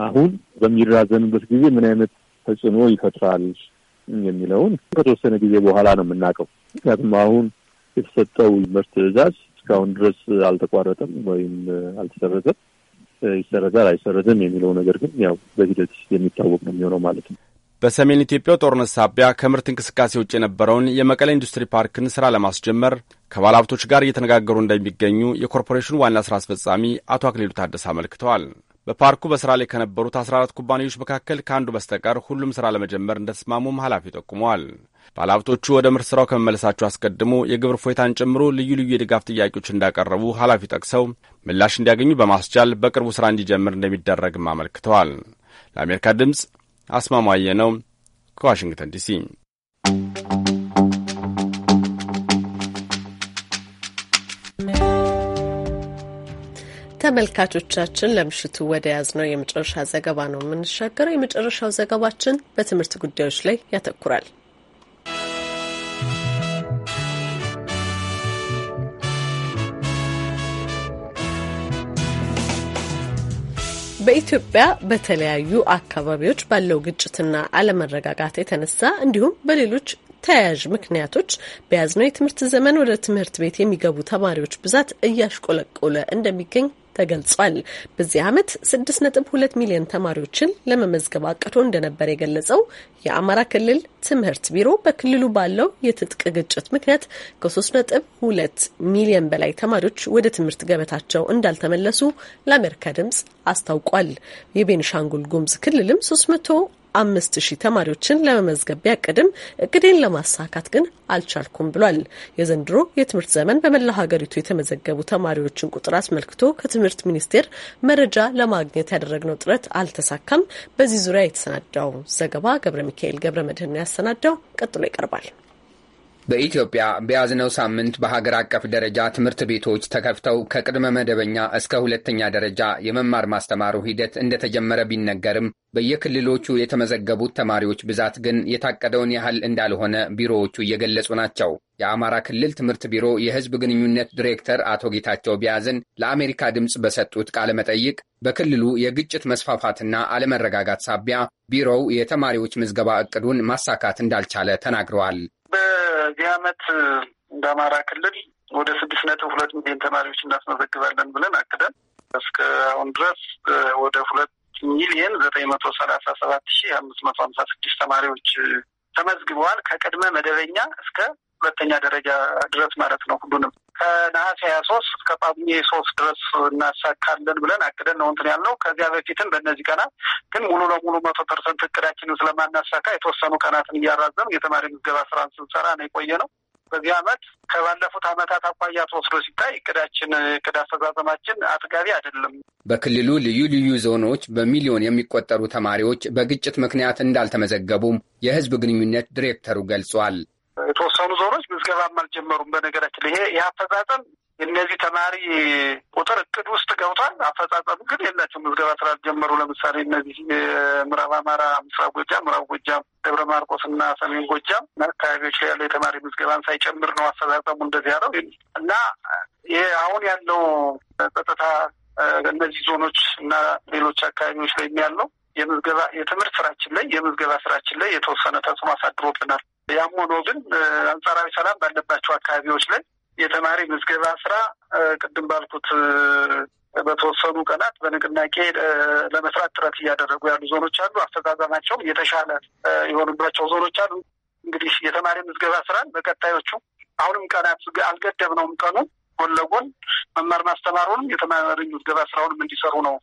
አሁን በሚራዘምበት ጊዜ ምን አይነት ተጽዕኖ ይፈጥራል የሚለውን ከተወሰነ ጊዜ በኋላ ነው የምናውቀው። ምክንያቱም አሁን የተሰጠው ምርት ትእዛዝ እስካሁን ድረስ አልተቋረጠም ወይም አልተሰረዘም። ይሰረዛል አይሰረዝም የሚለው ነገር ግን ያው በሂደት የሚታወቅ ነው የሚሆነው ማለት ነው። በሰሜን ኢትዮጵያው ጦርነት ሳቢያ ከምርት እንቅስቃሴ ውጭ የነበረውን የመቀለ ኢንዱስትሪ ፓርክን ስራ ለማስጀመር ሀብቶች ጋር እየተነጋገሩ እንደሚገኙ የኮርፖሬሽኑ ዋና ስራ አስፈጻሚ አቶ አክሊሉ ታደሰ አመልክተዋል። በፓርኩ በስራ ላይ ከነበሩት 14 ኩባንያዎች መካከል ከአንዱ በስተቀር ሁሉም ስራ ለመጀመር እንደተስማሙም ኃላፊው ጠቁመዋል። ባለሀብቶቹ ወደ ምርት ስራው ከመመለሳቸው አስቀድሞ የግብር ፎይታን ጨምሮ ልዩ ልዩ የድጋፍ ጥያቄዎች እንዳቀረቡ ኃላፊ ጠቅሰው ምላሽ እንዲያገኙ በማስቻል በቅርቡ ስራ እንዲጀምር እንደሚደረግም አመልክተዋል። ለአሜሪካ ድምፅ አስማማየ ነው ከዋሽንግተን ዲሲ። ተመልካቾቻችን ለምሽቱ ወደ ያዝነው የመጨረሻ ዘገባ ነው የምንሻገረው። የመጨረሻው ዘገባችን በትምህርት ጉዳዮች ላይ ያተኩራል። በኢትዮጵያ በተለያዩ አካባቢዎች ባለው ግጭትና አለመረጋጋት የተነሳ እንዲሁም በሌሎች ተያያዥ ምክንያቶች በያዝነው የትምህርት ዘመን ወደ ትምህርት ቤት የሚገቡ ተማሪዎች ብዛት እያሽቆለቆለ እንደሚገኝ ተገልጿል። በዚህ ዓመት 6.2 ሚሊዮን ተማሪዎችን ለመመዝገብ አቅቶ እንደነበር የገለጸው የአማራ ክልል ትምህርት ቢሮ በክልሉ ባለው የትጥቅ ግጭት ምክንያት ከ3.2 ሚሊዮን በላይ ተማሪዎች ወደ ትምህርት ገበታቸው እንዳልተመለሱ ለአሜሪካ ድምጽ አስታውቋል። የቤንሻንጉል ጉምዝ ክልልም 300 አምስት ሺህ ተማሪዎችን ለመመዝገብ ቢያቅድም እቅዴን ለማሳካት ግን አልቻልኩም ብሏል። የዘንድሮ የትምህርት ዘመን በመላ ሀገሪቱ የተመዘገቡ ተማሪዎችን ቁጥር አስመልክቶ ከትምህርት ሚኒስቴር መረጃ ለማግኘት ያደረግነው ጥረት አልተሳካም። በዚህ ዙሪያ የተሰናዳው ዘገባ ገብረ ሚካኤል ገብረ መድህን ያሰናዳው ቀጥሎ ይቀርባል። በኢትዮጵያ በያዝነው ሳምንት በሀገር አቀፍ ደረጃ ትምህርት ቤቶች ተከፍተው ከቅድመ መደበኛ እስከ ሁለተኛ ደረጃ የመማር ማስተማሩ ሂደት እንደተጀመረ ቢነገርም በየክልሎቹ የተመዘገቡት ተማሪዎች ብዛት ግን የታቀደውን ያህል እንዳልሆነ ቢሮዎቹ እየገለጹ ናቸው። የአማራ ክልል ትምህርት ቢሮ የሕዝብ ግንኙነት ዲሬክተር አቶ ጌታቸው ቢያዝን ለአሜሪካ ድምፅ በሰጡት ቃለ መጠይቅ በክልሉ የግጭት መስፋፋትና አለመረጋጋት ሳቢያ ቢሮው የተማሪዎች ምዝገባ እቅዱን ማሳካት እንዳልቻለ ተናግረዋል። በዚህ አመት እንደ አማራ ክልል ወደ ስድስት ነጥብ ሁለት ሚሊዮን ተማሪዎች እናስመዘግባለን ብለን አቅደን እስከ አሁን ድረስ ወደ ሁለት ሚሊዮን ዘጠኝ መቶ ሰላሳ ሰባት ሺ አምስት መቶ ሀምሳ ስድስት ተማሪዎች ተመዝግበዋል። ከቅድመ መደበኛ እስከ ሁለተኛ ደረጃ ድረስ ማለት ነው ሁሉንም ከነሐሴ ሀያ ሶስት እስከ ጳጉሜ ሶስት ድረስ እናሳካለን ብለን አቅደን ነው እንትን ያልነው። ከዚያ በፊትም በእነዚህ ቀናት ግን ሙሉ ለሙሉ መቶ ፐርሰንት እቅዳችንን ስለማናሳካ የተወሰኑ ቀናትን እያራዘም የተማሪ ምዝገባ ስራን ስንሰራ ነው የቆየ ነው። በዚህ አመት ከባለፉት አመታት አኳያ ተወስዶ ሲታይ እቅዳችን እቅድ አስተዛዘማችን አጥጋቢ አይደለም። በክልሉ ልዩ ልዩ ዞኖች በሚሊዮን የሚቆጠሩ ተማሪዎች በግጭት ምክንያት እንዳልተመዘገቡም የህዝብ ግንኙነት ዲሬክተሩ ገልጿል። የተወሰኑ ዞኖች ምዝገባም አልጀመሩም። በነገራችን ላይ ይሄ የአፈጻጸም የእነዚህ ተማሪ ቁጥር እቅድ ውስጥ ገብቷል። አፈጻጸም ግን የላቸው ምዝገባ ስላልጀመሩ ለምሳሌ እነዚህ ምዕራብ አማራ፣ ምስራብ ጎጃም፣ ምዕራብ ጎጃም፣ ደብረ ማርቆስ እና ሰሜን ጎጃም አካባቢዎች ላይ ያለው የተማሪ ምዝገባን ሳይጨምር ነው አፈጻጸሙ እንደዚህ ያለው እና ይሄ አሁን ያለው ጸጥታ እነዚህ ዞኖች እና ሌሎች አካባቢዎች ላይ ያለው የምዝገባ የትምህርት ስራችን ላይ የምዝገባ ስራችን ላይ የተወሰነ ተጽዕኖ አሳድሮብናል። ያም ሆኖ ግን አንጻራዊ ሰላም ባለባቸው አካባቢዎች ላይ የተማሪ ምዝገባ ስራ ቅድም ባልኩት በተወሰኑ ቀናት በንቅናቄ ለመስራት ጥረት እያደረጉ ያሉ ዞኖች አሉ። አፈጻጸማቸውም የተሻለ የሆኑባቸው ዞኖች አሉ። እንግዲህ የተማሪ ምዝገባ ስራን በቀጣዮቹ አሁንም ቀናት አልገደብነውም። ቀኑ ጎን ለጎን መማር ማስተማሩንም የተማሪ ምዝገባ ስራውንም እንዲሰሩ ነው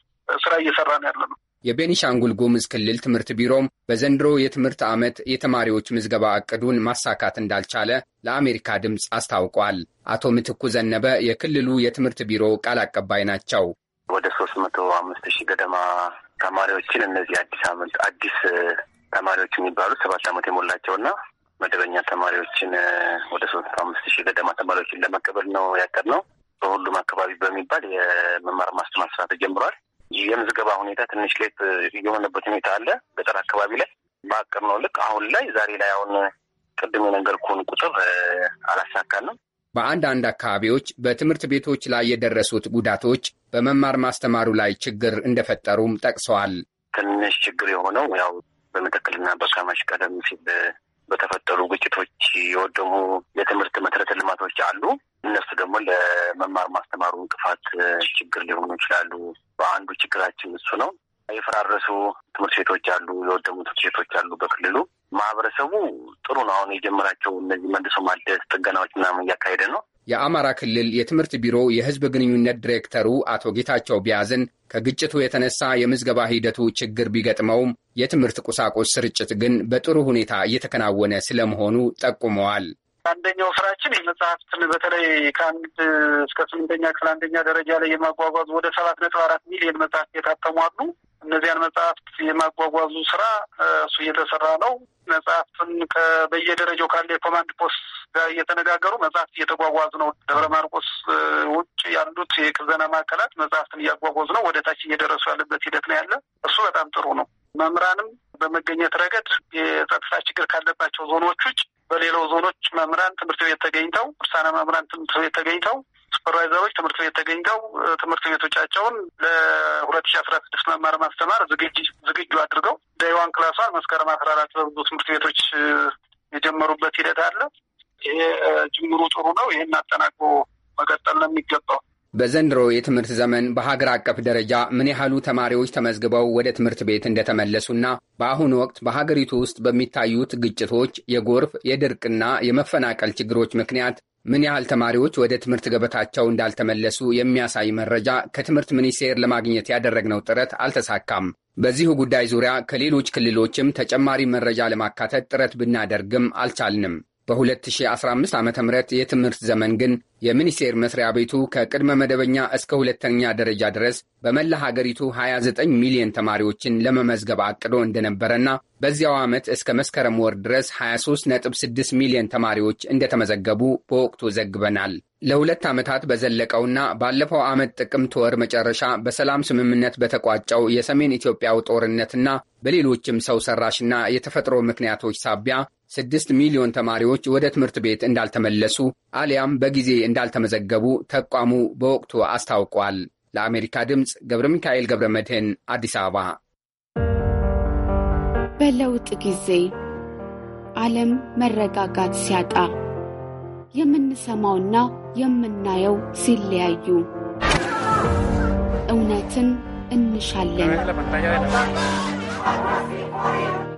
ስራ እየሰራ ነው ያለ ነው። የቤኒሻንጉል ጉምዝ ክልል ትምህርት ቢሮም በዘንድሮ የትምህርት ዓመት የተማሪዎች ምዝገባ እቅዱን ማሳካት እንዳልቻለ ለአሜሪካ ድምፅ አስታውቋል። አቶ ምትኩ ዘነበ የክልሉ የትምህርት ቢሮ ቃል አቀባይ ናቸው። ወደ ሶስት መቶ አምስት ሺህ ገደማ ተማሪዎችን እነዚህ አዲስ ዓመት አዲስ ተማሪዎች የሚባሉ ሰባት ዓመት የሞላቸውና መደበኛ ተማሪዎችን ወደ ሶስት መቶ አምስት ሺህ ገደማ ተማሪዎችን ለመቀበል ነው ያቀድ ነው። በሁሉም አካባቢ በሚባል የመማር ማስተማር ስራ ተጀምሯል። የምዝገባ ሁኔታ ትንሽ ሌት የሆነበት ሁኔታ አለ። ገጠር አካባቢ ላይ በአቅር ነው ልክ አሁን ላይ ዛሬ ላይ አሁን ቅድም የነገርኩህን ቁጥር አላሳካንም። በአንዳንድ አካባቢዎች በትምህርት ቤቶች ላይ የደረሱት ጉዳቶች በመማር ማስተማሩ ላይ ችግር እንደፈጠሩም ጠቅሰዋል። ትንሽ ችግር የሆነው ያው በመተክልና በካማሽ ቀደም ሲል በተፈጠሩ ግጭቶች የወደሙ የትምህርት መሰረተ ልማቶች አሉ። እነሱ ደግሞ ለመማር ማስተማሩ እንቅፋት ችግር ሊሆኑ ይችላሉ። በአንዱ ችግራችን እሱ ነው። የፈራረሱ ትምህርት ቤቶች አሉ፣ የወደሙ ትምህርት ቤቶች አሉ። በክልሉ ማህበረሰቡ ጥሩ ነው። አሁን የጀመራቸው እነዚህ መልሶ ማደስ ጥገናዎች ምናምን እያካሄደ ነው። የአማራ ክልል የትምህርት ቢሮ የህዝብ ግንኙነት ዲሬክተሩ አቶ ጌታቸው ቢያዝን ከግጭቱ የተነሳ የምዝገባ ሂደቱ ችግር ቢገጥመውም የትምህርት ቁሳቁስ ስርጭት ግን በጥሩ ሁኔታ እየተከናወነ ስለመሆኑ ጠቁመዋል። አንደኛው ስራችን የመጽሐፍትን በተለይ ከአንድ እስከ ስምንተኛ ክፍል አንደኛ ደረጃ ላይ የማጓጓዙ ወደ ሰባት ነጥብ አራት ሚሊዮን መጽሐፍት የታተሙ አሉ። እነዚያን መጽሐፍት የማጓጓዙ ስራ እሱ እየተሰራ ነው። መጽሐፍትን በየደረጃው ካለ የኮማንድ ፖስት ጋር እየተነጋገሩ መጽሐፍት እየተጓጓዙ ነው። ደብረ ማርቆስ ውጭ ያሉት የክዘና ማዕከላት መጽሐፍትን እያጓጓዙ ነው። ወደ ታች እየደረሱ ያለበት ሂደት ነው ያለ። እሱ በጣም ጥሩ ነው። መምህራንም በመገኘት ረገድ የጸጥታ ችግር ካለባቸው ዞኖች ውጭ በሌላው ዞኖች መምህራን ትምህርት ቤት ተገኝተው ውሳነ መምህራን ትምህርት ቤት ተገኝተው ሱፐርቫይዘሮች ትምህርት ቤት ተገኝተው ትምህርት ቤቶቻቸውን ለሁለት ሺ አስራ ስድስት መማር ማስተማር ዝግጁ አድርገው ዳይዋን ክላሷን መስከረም አስራ አራት በብዙ ትምህርት ቤቶች የጀመሩበት ሂደት አለ። ይሄ ጅምሩ ጥሩ ነው። ይህን አጠናቅቆ መቀጠል ነው የሚገባው። በዘንድሮ የትምህርት ዘመን በሀገር አቀፍ ደረጃ ምን ያህሉ ተማሪዎች ተመዝግበው ወደ ትምህርት ቤት እንደተመለሱና በአሁኑ ወቅት በሀገሪቱ ውስጥ በሚታዩት ግጭቶች፣ የጎርፍ፣ የድርቅና የመፈናቀል ችግሮች ምክንያት ምን ያህል ተማሪዎች ወደ ትምህርት ገበታቸው እንዳልተመለሱ የሚያሳይ መረጃ ከትምህርት ሚኒስቴር ለማግኘት ያደረግነው ጥረት አልተሳካም። በዚሁ ጉዳይ ዙሪያ ከሌሎች ክልሎችም ተጨማሪ መረጃ ለማካተት ጥረት ብናደርግም አልቻልንም። በ2015 ዓ ም የትምህርት ዘመን ግን የሚኒስቴር መስሪያ ቤቱ ከቅድመ መደበኛ እስከ ሁለተኛ ደረጃ ድረስ በመላ ሀገሪቱ 29 ሚሊዮን ተማሪዎችን ለመመዝገብ አቅዶ እንደነበረና በዚያው ዓመት እስከ መስከረም ወር ድረስ 23.6 ሚሊዮን ተማሪዎች እንደተመዘገቡ በወቅቱ ዘግበናል። ለሁለት ዓመታት በዘለቀውና ባለፈው ዓመት ጥቅምት ወር መጨረሻ በሰላም ስምምነት በተቋጨው የሰሜን ኢትዮጵያው ጦርነትና በሌሎችም ሰው ሰራሽና የተፈጥሮ ምክንያቶች ሳቢያ ስድስት ሚሊዮን ተማሪዎች ወደ ትምህርት ቤት እንዳልተመለሱ አሊያም በጊዜ እንዳልተመዘገቡ ተቋሙ በወቅቱ አስታውቋል። ለአሜሪካ ድምፅ ገብረ ሚካኤል ገብረ መድህን አዲስ አበባ። በለውጥ ጊዜ ዓለም መረጋጋት ሲያጣ የምንሰማውና የምናየው ሲለያዩ እውነትን እንሻለን።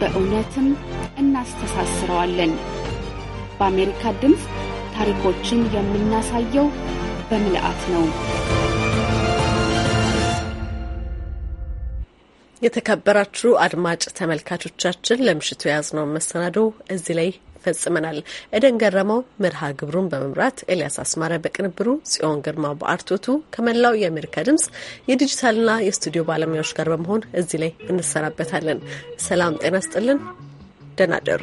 በእውነትም እናስተሳስረዋለን። በአሜሪካ ድምፅ ታሪኮችን የምናሳየው በምልአት ነው። የተከበራችሁ አድማጭ ተመልካቾቻችን ለምሽቱ የያዝነውን መሰናዶ እዚህ ላይ ፈጽመናል። ኤደን ገረመው መርሃ ግብሩን በመምራት ኤልያስ አስማረ በቅንብሩ፣ ጽዮን ግርማ በአርቶቱ ከመላው የአሜሪካ ድምጽ የዲጂታልና የስቱዲዮ ባለሙያዎች ጋር በመሆን እዚህ ላይ እንሰናበታለን። ሰላም ጤና ስጥልን። ደህና ደሩ።